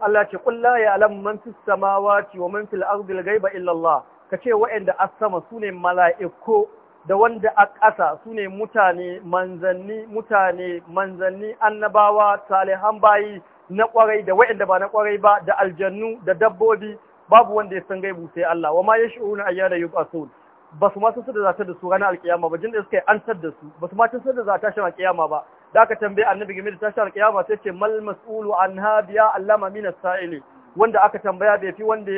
Allah ce qul la ya'lamu man fis samawati wa man fil ardi al ghaiba illa Allah kace wa'anda as-sama sune mala'iku da wanda a ƙasa su ne mutane manzanni mutane manzanni annabawa salihan bayi na ƙwarai da waɗanda ba na ƙwarai ba da aljannu da dabbobi babu wanda ya san gaibu sai Allah wa ma yash'uruna ayyana yub'asun ba su ma san da zata da su ranar alƙiyama ba jin suka yi ansar da su ba su ma san da zata shi alƙiyama ba da aka tambaye annabi game da tashar alƙiyama sai ce mal mas'ulu an hadiya allama min as-sa'ili wanda aka tambaya bai fi wanda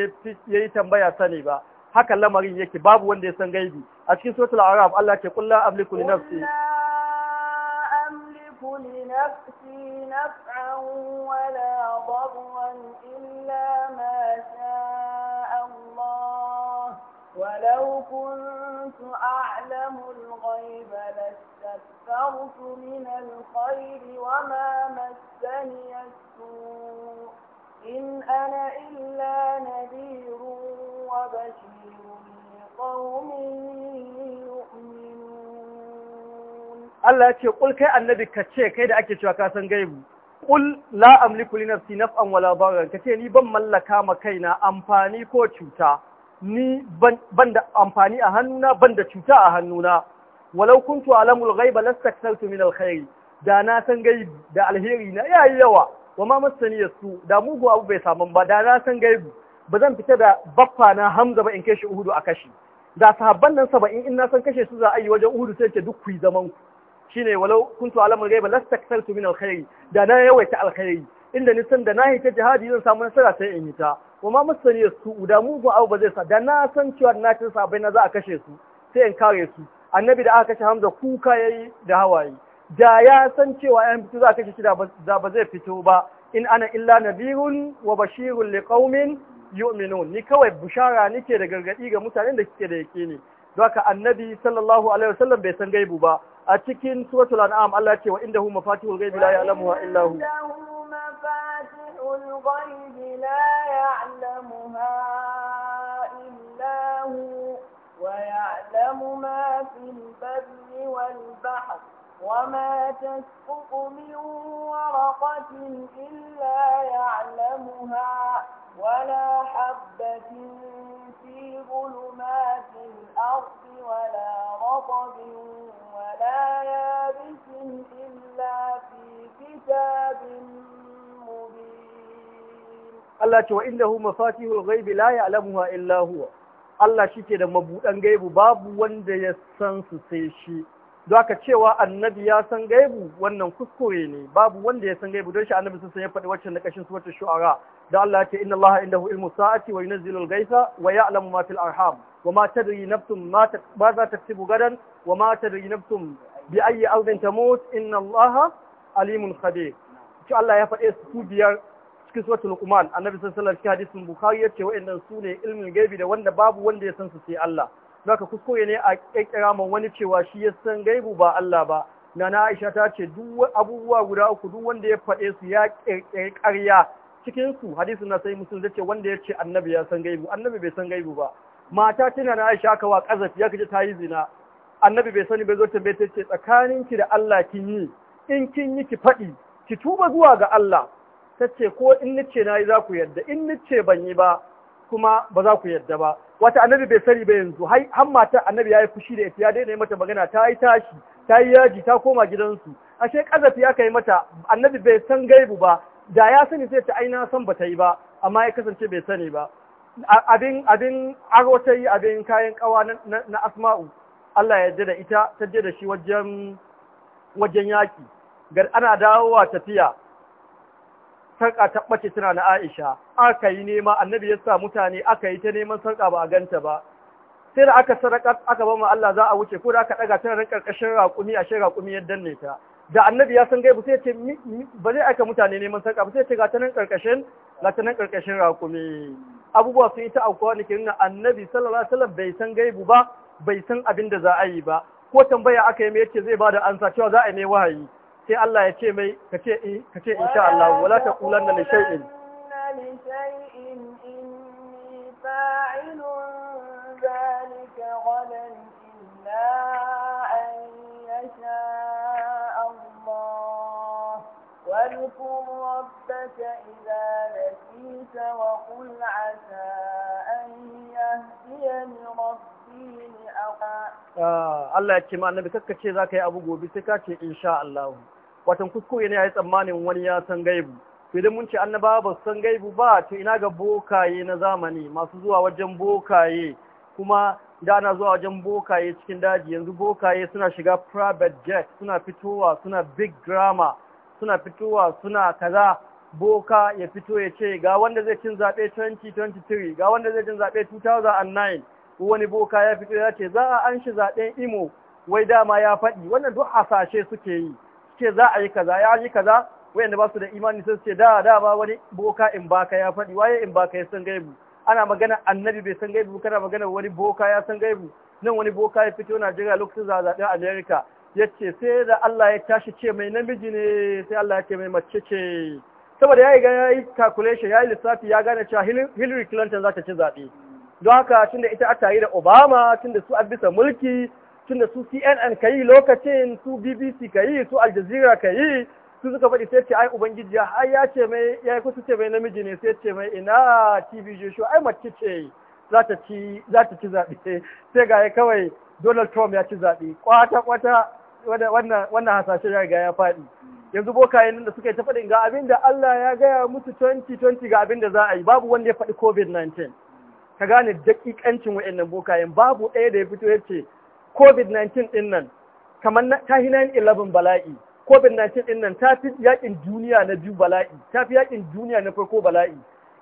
yayi tambaya sani ba haka lamarin yake babu wanda ya san gaibi أكيد سورة العراف الله يقول لا أملك لنفسي لا أملك لنفسي نفعا ولا ضرا إلا ما شاء الله ولو كنت أعلم الغيب لاستكثرت من الخير وما مسني السوء إن أنا إلا نذير وبشير قوم يؤمنون الله يتي قل كي النبي كتشي كي دا أكي شوكا سنغيبو Ƙul la amliku li nafsi naf'an wala darran kace ni ban mallaka ma kaina amfani ko cuta ni ban da amfani a hannuna ban da cuta a hannuna walau kuntu alamul ghaiba lastakthartu min alkhairi da na san gaibi da alheri na yayi yawa wa ma masani yasu da mugu abu bai samu ba da na san gaibi ba zan fita da baffa na Hamza ba in kai shi Uhudu a kashi da sahabban nan saba'in in na san kashe su za a yi wajen uhudu sai ce duk ku zaman ku shine walau kuntu alamun gaiba lastaktartu min alkhairi da na yawaita alkhairi inda ni san da na hita jihadi zan samu nasara sai in hita kuma masani su da mugu abu ba zai sa da na san cewa na cin sabai na za a kashe su sai in kare su annabi da aka kashe hamza kuka yayi da hawaye da ya san cewa yan fito za a kashe shi da ba zai fito ba in ana illa nabirun wa bashirun liqaumin yu'minun ni kawai bushara nike da gargadi ga mutanen da kike da yake ne haka annabi sallallahu alaihi wasallam bai san gaibu ba a cikin suratul an'am Allah ce wa indahu mafatihul ghaibi la ya'lamuha illa hu الغيب لا يعلمها إلا هو ويعلم ما في البر والبحر وما تسقط من ورقة إلا يعلمها ولا حبة في ظلمات الأرض ولا رطب ولا يابس إلا في كتاب مبين الله تعالى إنه مفاتيح الغيب لا يعلمها إلا هو Allah shi ke da mabuɗan gaibu babu wanda ya san su sai shi. Zaka cewa annabi ya san gaibu wannan kuskure ne babu wanda ya san gaibu don shi annabi sun san ya faɗi waccan na ƙashin su wata shu'ara da Allah ce inna Allah indahu ilmu sa'ati wa yunzilul ghaitha wa ya'lamu ma fil arham wa ma tadri nafsun ma za taktubu gadan wa ma tadri nafsun bi ayyi ardin tamut inna Allah alimun khabir to Allah ya faɗe su biyar cikin suratul Luqman annabi sallallahu alaihi wasallam hadisin Bukhari yace wa'annan su ne ilmin gaibi da wanda babu wanda ya san su sai Allah haka kuskure ne a kirkira man wani cewa shi ya san gaibu ba Allah ba Nana Aisha ta ce duk abubuwa guda uku duk wanda ya faɗe su ya ƙirƙiri ƙarya cikin su hadisin na sai musulun zai wanda ya ce annabi ya san gaibu annabi bai san gaibu ba mata tana na aisha kawa kazafi ya kaje ta yi zina annabi bai sani bai zo tambaye ta ce tsakanin ki da Allah kin yi in kin yi ki faɗi ki tuba zuwa ga Allah tace ko in nace na yi za ku yadda in nice ban yi ba kuma ba za ku yadda ba wata annabi bai sani ba yanzu har mata annabi ya yi fushi da ita ya daina mata magana ta yi tashi ta yi yaji ta koma gidansu ashe kazafi ya kai mata annabi bai san gaibu ba da ya sani sai ta aina san bata yi ba amma ya kasance bai sani ba abin abin aro ta yi abin kayan kawa na asma'u Allah ya da ita ta je da shi wajen wajen yaki gar ana dawowa tafiya sarƙa ta ɓace tana na Aisha aka yi nema annabi ya sa mutane aka yi ta neman sarka ba a ganta ba sai da aka sarƙa aka ba mu Allah za a wuce ko da aka ɗaga tana nan ƙarƙashin raƙumi a shi raƙumi ya danne ta da annabi ya san gaibu sai ce ba zai aika mutane neman sarka ba sai ce gata nan karkashin gata nan karkashin rakumi abubuwa sun yi ta aukuwa ne kirin annabi sallallahu alaihi wasallam bai san gaibu ba bai san abin da za a yi ba ko tambaya aka yi mai yace zai bada ansa cewa za a yi mai wahayi sai Allah ya ce mai ka ce in ka ce insha Allah wala taqulanna da shay'in واذكر ربك إذا نسيت وقل عسى أن يهديني ربي لأقى الله يكما النبي كككي ذاك يا أبو قوبي سكاكي إن شاء الله watan kuskure ne ya yi tsammanin wani ya san gaibu idan mun ce annaba ba san gaibu ba to ina ga bokaye na zamani masu zuwa wajen bokaye kuma da ana zuwa wajen bokaye cikin daji yanzu bokaye suna shiga private jet suna fitowa suna big drama suna fitowa suna kaza boka ya fito ya ce ga wanda zai cin zaɓe 2023 ga wanda zai cin zaɓe 2009 wani boka ya fito ya ce za a an shi zaɓen imo wai dama ya faɗi wannan duk hasashe suke yi suke za a yi kaza ya yi kaza wayanda ba su da imani sun ce da da ba wani boka in baka ya faɗi waye in baka ya san gaibu ana magana annabi bai san gaibu kana magana wani boka ya san gaibu nan wani boka ya fito Najeriya lokacin zaɓen Amerika yace sai da Allah ya tashi ce mai namiji ne sai Allah ya ce mai mace ce saboda ya ya yayi calculation yi lissafi ya gane cewa Hillary Clinton za ta ci zabe don haka tun da ita a tayi da Obama tun da su a bisa mulki da su CNN ka yi lokacin su BBC ka yi su Al Jazeera yi su suka faɗi sai ce ai ubangiji ya ai ya ce mai ya kusa ce mai namiji ne sai ce mai ina TV show ai mace ce za ta ci zaɓe sai ga kawai Donald Trump ya ci zaɓe kwata kwata wannan hasashen ya riga ya faɗi yanzu bokayen nan da suka yi ta faɗin ga abin da Allah ya gaya musu 2020 ga abin da za a yi babu wanda ya faɗi covid-19 ka gane dakikancin wa'annan bokayen babu ɗaya da ya fito ya ce covid-19 ɗin nan kamar ta hi 9-11 bala'i covid-19 ɗin nan ta fi yakin duniya na biyu bala'i ta fi yakin duniya na farko bala'i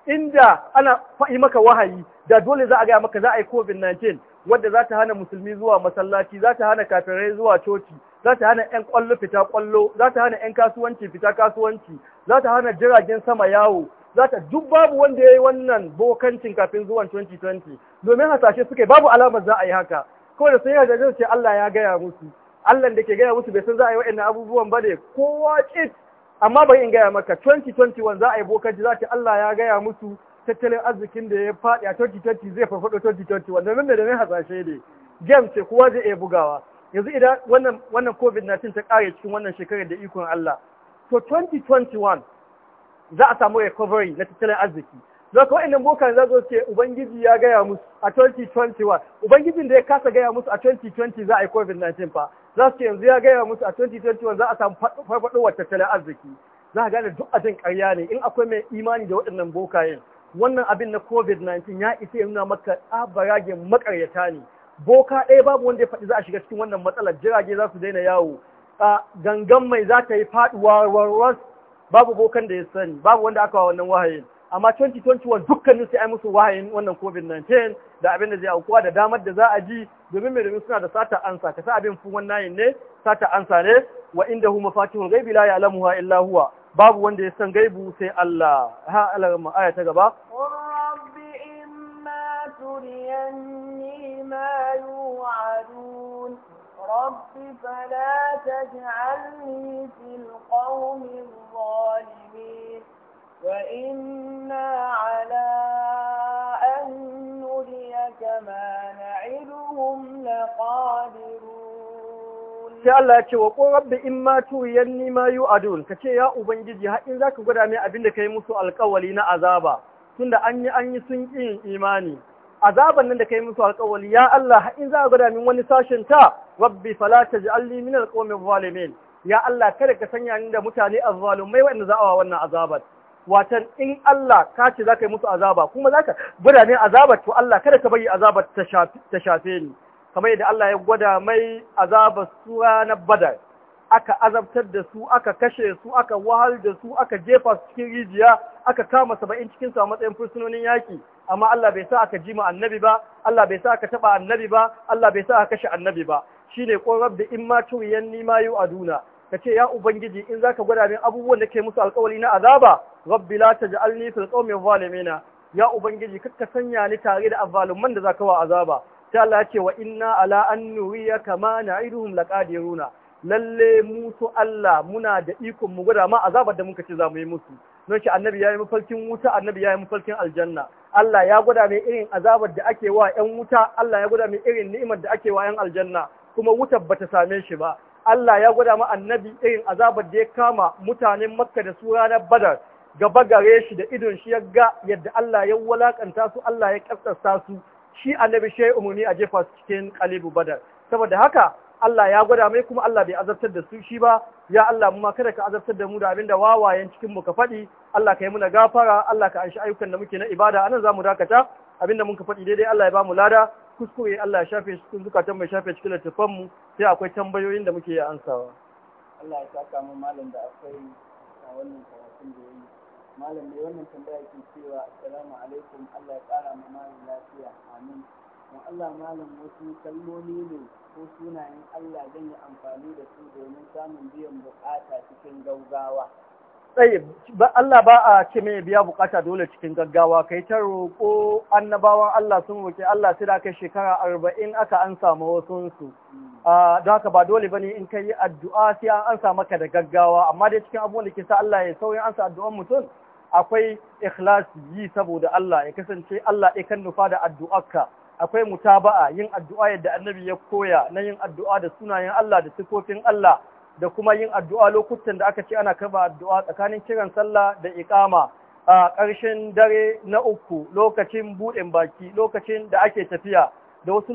inda ana faɗi maka wahayi da dole za a gaya maka za a yi covid-19 wadda za ta hana musulmi zuwa masallaci za ta hana kafirai zuwa coci za ta hana ‘yan ƙwallo fita ƙwallo, za ta hana ‘yan kasuwanci fita kasuwanci, za ta hana jiragen sama yawo, za ta duk babu wanda ya yi wannan bokancin kafin zuwan 2020. Domin hasashe suke babu alamar za a yi haka, kawai da sun yi hajjajin ce Allah ya gaya musu. Allah da ke gaya musu bai san za a yi waɗannan abubuwan ba ne, kowa cit. Amma bari in gaya maka 2021 za a yi bokanci za ta Allah ya gaya musu tattalin arzikin da ya faɗi a 2020 zai farfaɗo 2021 domin da domin hasashe ne. Game ce kowa zai iya bugawa. yanzu idan wannan wannan covid-19 ta kare cikin wannan shekarar da ikon Allah to 2021 za a samu recovery na tattalin arziki za ka wa'annan bokan za su ce ubangiji ya gaya musu a 2021 ubangijin da ya kasa gaya musu a 2020 za a yi covid-19 fa za su ce yanzu ya gaya musu a 2021 za a samu farfadowar tattalin arziki za a gane duk abin karya ne in akwai mai imani da waɗannan bokayen wannan abin na covid-19 ya isa ya nuna maka tsabaragen makaryata ne boka ɗaya babu wanda ya faɗi za a shiga cikin wannan matsalar jirage za su daina yawo gangan mai za ta yi faɗuwa warwas babu bokan da ya sani babu wanda aka wa wannan wahayin amma 2021 dukkanin sai ai musu wahayin wannan covid-19 da abin da zai aukuwa da damar da za a ji domin mai domin suna da sata ansa ka sa abin fuwan nayin ne sata ansa ne wa inda huma fatihul ghaibi la alamu illa huwa babu wanda ya san gaibu sai Allah ha alarma aya ta gaba rabbi imma turiyanni ما يوعدون رب فلا تجعلني في القوم الظالمين وإنا على أن نريك ما نعدهم لقادرون Sai Allah ya ce wa rabbi in ma tuwiyanni ma yu adun ka ya ubangiji har in zaka gwada abin da ka yi musu alƙawari na azaba tunda an yi an yi sun yi imani azaban nan da ka yi musu alƙawali ya Allah in za a gwada min wani sashen ta rabbi fala taj'alni min alqawmi zalimin ya Allah kada ka sanya ni da mutane azzalumai wanda za a wa wannan azabar watan in Allah ka ce za ka yi musu azaba kuma za ka gwada ne azabar to Allah kada ka bari azabar ta shafe ni kamar yadda Allah ya gwada mai azabar sura na badar aka azabtar da su aka kashe su aka wahal da su aka jefa su cikin rijiya aka kama saba'in cikin su a matsayin fursunonin yaki amma Allah bai sa aka ma annabi ba Allah bai sa aka taba annabi ba Allah bai sa aka kashe annabi ba shine qul rabbi imma ni ma Ka kace ya ubangiji in zaka gwada min abubuwan da ke musu alƙawari na azaba rabbi la taj'alni fil qawmi zalimina ya ubangiji kakka sanya ni tare da abaluman da zaka wa azaba sai Allah ya ce wa inna ala an nuriyaka ma na'iduhum laqadiruna lalle mu su Allah muna da ikon mu gwada ma azabar da muka ce za mu yi musu don shi annabi yayi mafarkin wuta annabi yayi mafarkin aljanna Allah ya gwada mai irin azabar da ake wa ƴan wuta Allah ya gwada mai irin ni'imar da ake wa ƴan aljanna kuma wutar bata same shi ba Allah ya gwada ma annabi irin azabar da ya kama mutanen Makka da su ranar Badar gaba gare shi da idon shi ya ga yadda Allah ya walakanta su Allah ya kaskasta su shi annabi shi umarni a jefa su cikin kalibu Badar saboda haka Allah ya gwada mai kuma Allah bai azabtar da su shi ba ya Allah mu ma kada ka azabtar da mu da abinda wawayen cikin mu ka faɗi Allah ka yi muna gafara Allah ka anshi ayyukan da muke na ibada anan zamu dakata abinda mun ka faɗi daidai Allah ya ba mu lada kuskure Allah ya shafe cikin zukatan mai shafe cikin littafan mu sai akwai tambayoyin da muke ansawa Allah ya saka mu malam da akwai a wannan karatun da yayi malam mai wannan tambaya ke cewa assalamu alaikum Allah ya kara mu malam lafiya amin don Allah malam wasu kalmomi ne ko sunayen Allah zan yi amfani da su domin samun biyan bukata cikin gaugawa. Tsaye, Allah ba a ce mai biya bukata dole cikin gaggawa, kai ta roƙo annabawan Allah sun roƙi Allah sai da kai shekara arba'in aka an samu su. Hmm. Don haka ba dole ne in ka yi addu'a sai an ansa maka da gaggawa, amma dai cikin abubuwan da ke sa Allah ya sauyin ansa addu'an mutum akwai ikhlasi yi saboda Allah ya kasance Allah ya kan nufa da addu'arka. akwai mutaba'a yin addu'a yadda annabi ya koya na yin addu'a da sunayen Allah da sifofin Allah da kuma yin addu'a lokutan da aka ce ana karba addu'a tsakanin kiran sallah da ikama a ƙarshen dare na uku lokacin buɗin baki lokacin da ake tafiya da wasu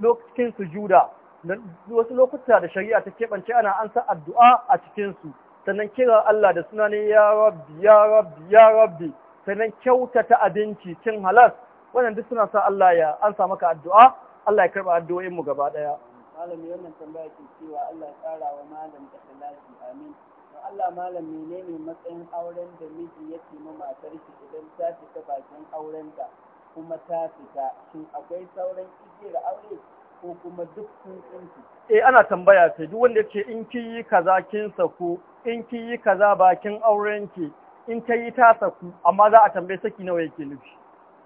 lokacin sujuda da wasu lokuta da shari'a ta keɓance ana ansa addu'a a cikin su sannan kiran Allah da suna ne ya rabbi ya rabbi ya rabbi sannan kyautata abinci cin halas wannan duk suna sa Allah ya an sa maka addu'a Allah ya karba addu'o'in mu gaba daya malami wannan tambaya ke cewa Allah ya tsara wa malam da salati amin to Allah malam menene matsayin auren da miji ya ce ma matar shi idan ta fita bakin aurenta kuma ta fita shin akwai sauran igiyar aure ko kuma duk sun Eh ana tambaya ce duk wanda ce in kin yi kaza kin saku in kin yi kaza bakin auren ki, in ta yi ta saku amma za a tambaye saki nawa yake nufi.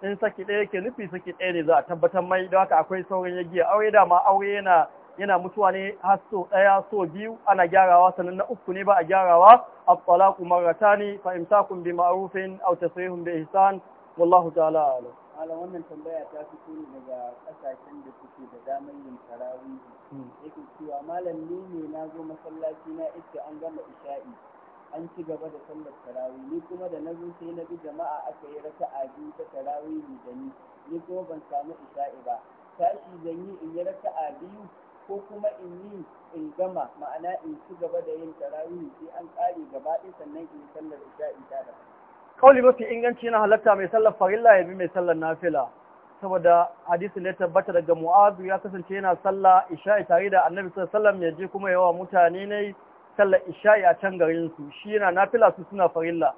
in saki ɗaya yake nufi saki ɗaya ne za a tabbatar mai don haka akwai sauran ya giya aure da ma aure yana yana mutuwa ne har so ɗaya so biyu ana gyarawa sannan na uku ne ba a gyarawa at-talaqu ne fa imsakun bi ma'rufin aw tasrihun bi ihsan wallahu ta'ala a'lam ala wannan tambaya ta fito ne daga kasashen da suke da damar yin tarawih hmm. yake cewa malam ne na zo masallaci na iske an gama isha'i an ci gaba da sallar tarawih ni kuma da na zo sai na bi jama'a aka yi raka a biyu ta tarawih da ni ni kuma ban samu isha'i ba tashi zan yi in yi a biyu ko kuma in yi in gama ma'ana in ci gaba da yin tarawih sai an kare gaba ɗaya sannan in sallar isha'i ta da kauli mafi inganci na halatta mai sallar farilla ya bi mai sallar nafila saboda hadisin ya tabbata daga mu'azu ya kasance yana sallah isha'i tare da annabi sallallahu alaihi wasallam ya je kuma yawa mutane ne sallar isha'i a can garin su shi yana fila su suna farilla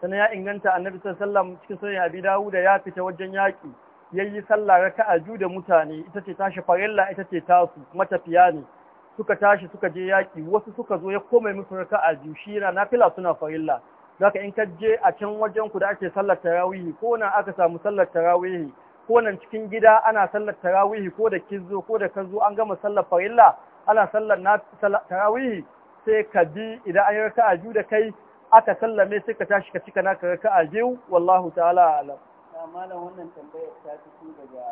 sana ya inganta annabi sallallahu cikin sunan abi dawud ya fita wajen yaki yayi sallah raka ju da mutane ita ce tashi farilla ita ce tasu matafiya ne suka tashi suka je yaki wasu suka zo ya komai musu raka ju shi yana fila suna farilla zaka in ka je a can wajen ku da ake sallar tarawihi ko nan aka samu sallar tarawihi ko nan cikin gida ana sallar tarawihi ko da kizo ko da kazo an gama sallar farilla ana sallar tarawihi sai ka bi idan an yi raka'a biyu da kai aka sallame sai ka tashi ka cika naka raka'a biyu wallahu ta'ala alam malam wannan tambayar ta fito daga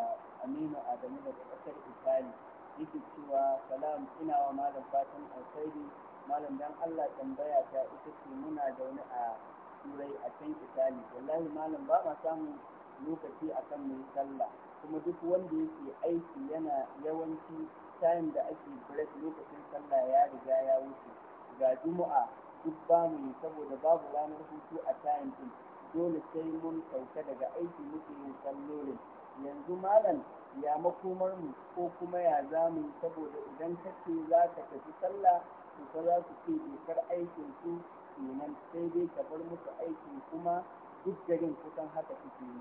Aminu Adamu daga kasar Itali yake cewa salam ina wa malam fatan alkhairi malam dan Allah tambaya ta ita ce muna zaune a turai a can Itali wallahi malam ba ma samun lokaci akan mu sallah kuma duk wanda yake aiki yana yawanci time da ake break lokacin sallah ya riga ya wuce ga juma'a duk ba mu yi saboda babu ranar hutu a time din dole sai mun sauka daga aiki muke yin sallolin yanzu malam ya makomar mu ko kuma ya za mu yi saboda idan kace za ka tafi sallah to fa za ku ce dokar aikin su kenan sai dai ka bar musu aiki kuma duk garin kusan haka kuke yi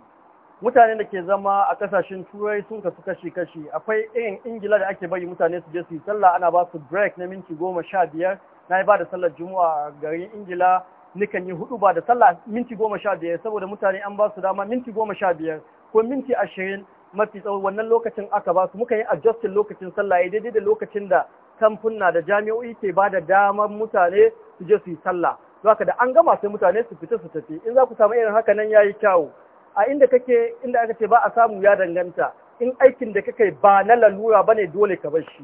mutane da ke zama a kasashen turai sun kasu kashi-kashi akwai irin ingila da ake bari mutane su je su yi sallah ana ba su break na minti goma sha biyar na yi ba da sallar juma'a garin ingila nikan yi hudu ba da sallah minti goma sha biyar saboda mutane an ba su dama minti goma sha biyar ko minti ashirin mafi tsawon wannan lokacin aka ba su muka yi adjustin lokacin sallah ya daidai da lokacin da kamfuna da jami'o'i ke ba da damar mutane su je su yi sallah. Zaka da an gama sai mutane su fita su tafi in za ku samu irin haka nan ya yi kyawu. a inda kake inda aka ce ba a samu ya danganta in aikin da kake ba na lalura ba ne dole ka bar shi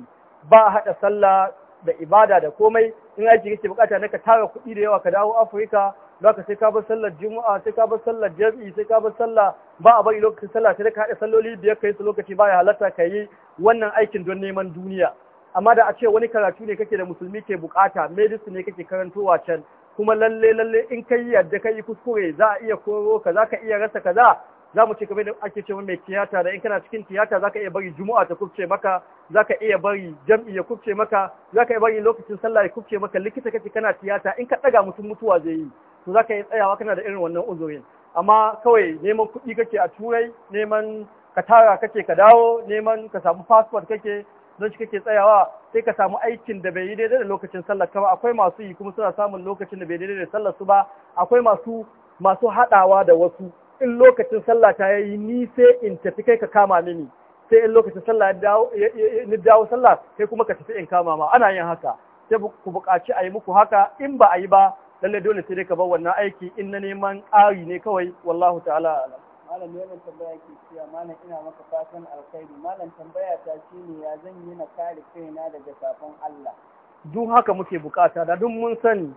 ba haɗa sallah da ibada da komai in aiki kake bukata na ka tara kuɗi da yawa ka dawo Afirka zaka sai ka bar sallar Juma'a sai ka bar sallar Jami'i sai ka bar sallah ba a bari lokacin sallah sai ka haɗa salloli biyar kai su lokaci ba ya halatta ka yi wannan aikin don neman duniya amma da a ce wani karatu ne kake da musulmi ke bukata medicine ne kake karantowa can kuma lalle lalle in kai yadda kai yi kuskure za a iya koro ka za ka iya rasa kaza za mu ce kamar da ake cewa mai tiyata da in kana cikin tiyata za ka iya bari juma'a ta kufce maka za ka iya bari jam'i ya kufce maka za ka iya bari lokacin sallah ya kufce maka likita kace kana tiyata in ka ɗaga mutum mutuwa zai yi to za ka iya tsayawa kana da irin wannan uzurin amma kawai neman kuɗi kake a turai neman ka tara kake ka dawo neman ka samu passport kake don shi kake tsayawa sai ka samu aikin da bai yi daidai da lokacin sallar kama akwai masu yi kuma suna samun lokacin da bai daidai da sallar su ba akwai masu masu haɗawa da wasu in lokacin sallah ta yayi ni sai in tafi kai ka kama mini sai in lokacin sallah ya ni dawo sallah kai kuma ka tafi in kama ma ana yin haka sai ku buƙaci a yi muku haka in ba a yi ba lallai dole sai dai ka bar wannan aiki in na neman ƙari ne kawai wallahu ta'ala malam yawan tambaya ke cewa malam ina maka fatan alkhairi malam tambaya ta shine ya zan yi na kare kaina daga safon Allah duk haka muke bukata da duk mun sani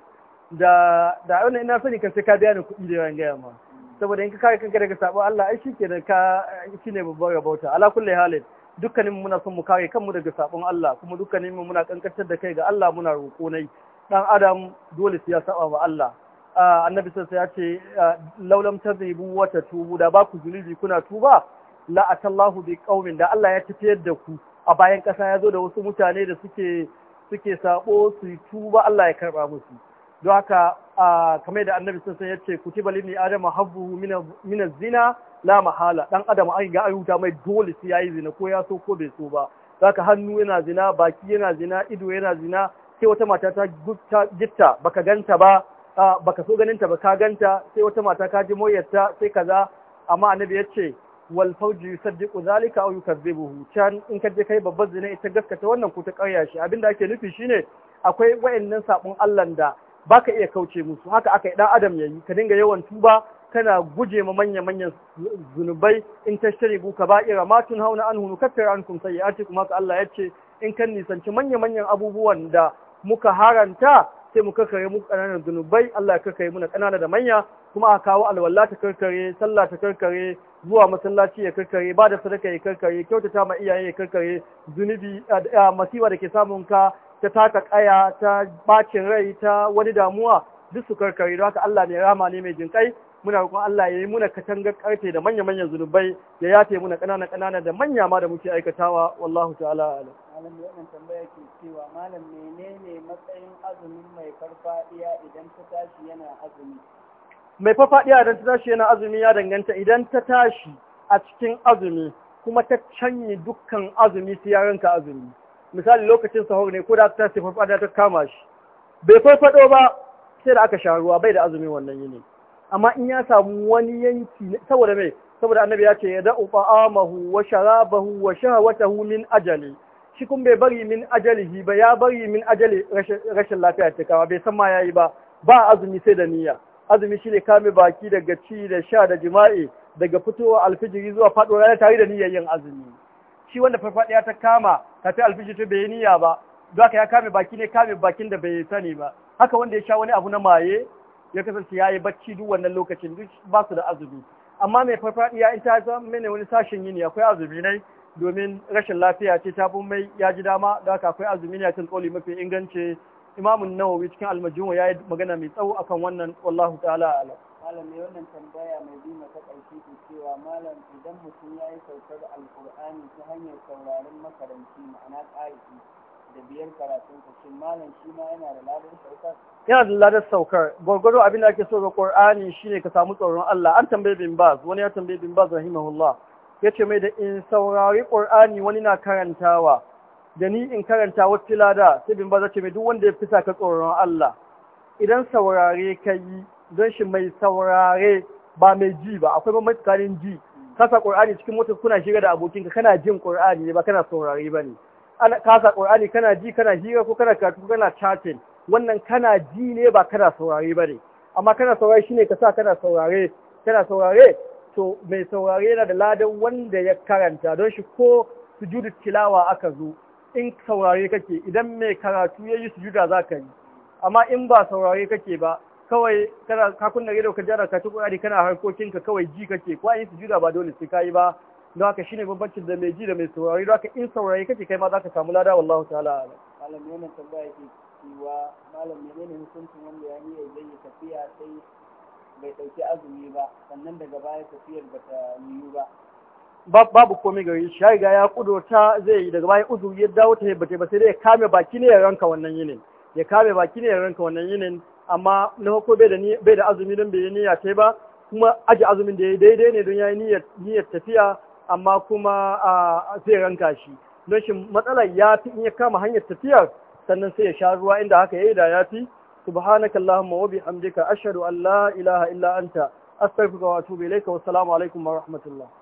da da wannan ina sani kan sai ka biya ni kuɗi da yawan gaya ma saboda in ka kare kanka daga sabon Allah ai shike da ka shine babbar rabauta ala kulli halin dukkanin muna son mu kare kanmu daga sabon Allah kuma dukkanin muna kankantar da kai ga Allah muna roƙo nai dan adam dole sai ya saba wa Allah annabi sai ya ce laulam tadribu wata tubu da ba ku zunubi kuna tuba la atallahu bi qaumin da Allah ya tafiyar da ku a bayan kasa ya zo da wasu mutane da suke suke sabo su tuba Allah ya karba musu don haka kamar da annabi sai ya ce kutiba lini adama habbu min zina la mahala dan adam an ga ayuta mai dole sai yayi zina ko ya so ko bai so ba zaka hannu yana zina baki yana zina ido yana zina sai wata mata ta gitta baka ganta ba baka so ganin ta ba ka ganta sai wata mata ka ji moyarta sai kaza amma annabi yace wal fawji yusaddiqu zalika aw yukazzibuhu can in ka je kai babbar zina ita gaskata wannan ko ta ƙarya shi abinda ake nufi shine akwai wayannan sabon Allah da baka iya kauce musu haka aka yi dan adam yayi ka dinga yawan tuba kana guje ma manya-manyan zunubai in ta tashtari ka ba ira tun hauna an hunu kafir an kuma haka Allah ya ce in kan nisanci manya-manyan abubuwan da muka haranta sai mu kakare mu kananan zunubai Allah ya kakare muna kanana da manya kuma a kawo alwala ta karkare sallah ta karkare zuwa masallaci ya karkare ba da sadaka ya karkare kyautata ma iyaye ya karkare zunubi masiba da ke samun ka ta taka kaya ta bacin rai ta wani damuwa duk su karkare don haka Allah mai rama ne mai jinkai muna roƙon Allah ya yi muna katangar karfe da manya-manyan zunubai ya yafe muna ƙanana-ƙanana da manya ma da muke aikatawa wallahu ta'ala alam abin ya ɗan tambaya ke cewa malam menene matsayin azumin mai farfadiya idan ta tashi yana azumi mai farfadiya idan ta tashi yana azumi ya danganta idan ta tashi a cikin azumi kuma ta canye dukkan azumi sai ya ranka azumi misali lokacin sahur ne ko da ta tashi farfadiya ta kama shi bai farfado ba sai da aka sha ruwa bai da azumi wannan yini amma in ya samu wani yanki saboda mai saboda annabi ya ce ya da'u ta'amahu wa sharabahu wa hu min ajali shi kun bai bari min ajalihi ba ya bari min ajali rashin lafiya ta kama bai san ma yayi ba ba azumi sai da niyya azumi shine kame baki daga ci da sha da jima'i daga fitowa alfijiri zuwa faɗo rana tare da niyyar yin azumi shi wanda farfaɗiya ta kama tafi alfijiri ta bai niyya ba zaka ya kame baki ne kame bakin da bai sani ba haka wanda ya sha wani abu na maye ya kasance ya yi bacci duk wannan lokacin duk ba da azumi amma mai farfaɗiya in ta zama mene wani sashen yini akwai azumi ne domin rashin lafiya ce ta mai ya ji dama da haka akwai azumi ne cikin kauli mafi inganci imamun nawawi cikin almajmu ya yi magana mai tsawo akan wannan wallahu ta'ala alam malam mai wannan tambaya mai bi mata ƙarshe ke cewa malam idan mutum ya yi saukar alƙur'ani ta hanyar sauraron makaranci ma'ana ƙarfi da biyar karatun sa shin malam shi ma yana da ladar saukar yana da ladar saukar gwargwado abin da ake so ga ƙur'ani shine ka samu tsoron Allah an tambaye bin baz wani ya tambaye bin baz rahimahullah ya ce mai da in saurari ƙor'ani wani na karantawa da ni in karanta wata lada sai bin ba ce mai duk wanda ya fi ka tsoron Allah idan saurare ka yi don shi mai saurare ba mai ji ba akwai bambanci tsakanin ji kasa ƙur'ani cikin motar kuna shiga da ka kana jin ƙur'ani ne ba kana saurare ba ne kasa ƙur'ani kana ji kana hira ko kana karatu ko kana chatting wannan kana ji ne ba kana saurare ba ne amma kana saurare shine ka sa kana saurare kana saurare mai saurare yana da ladan wanda ya karanta don shi ko sujudu tilawa aka zo in saurare kake idan mai karatu ya yi sujuda za ka yi amma in ba saurare kake ba kawai kana ka kunna rediyo ka jara ka tuku kana harkokinka kawai ji kake ko an yi sujuda ba dole sai ka yi ba don haka shine bambancin da mai ji da mai saurare don haka in saurare kake kai ma za ka samu lada wallahu ta'ala malam yana tambaya ke cewa malam menene hukuncin wanda ya yi tafiya sai bai ɗauki azumi ba sannan daga baya tafiyar ba ta yiwu ba babu komai gari shi riga ya kudurta zai yi daga bayan uzuri ya dawo ta ba ba sai dai ya kame baki ne ya ranka wannan yinin ya kame baki ne ya ranka wannan yinin amma na farko bai da azumi don bai yi niyya ta ba kuma aji azumin da ya daidai ne don ya yi niyyar tafiya amma kuma zai ranka shi don shi matsalar ya fi in ya kama hanyar tafiyar sannan sai ya sha ruwa inda haka ya yi da ya fi subhanaka allahumma wabi bihamdika ashhadu an la ilaha illa anta astaghfiruka wa atubu ilayka wa assalamu alaikum wa rahmatullah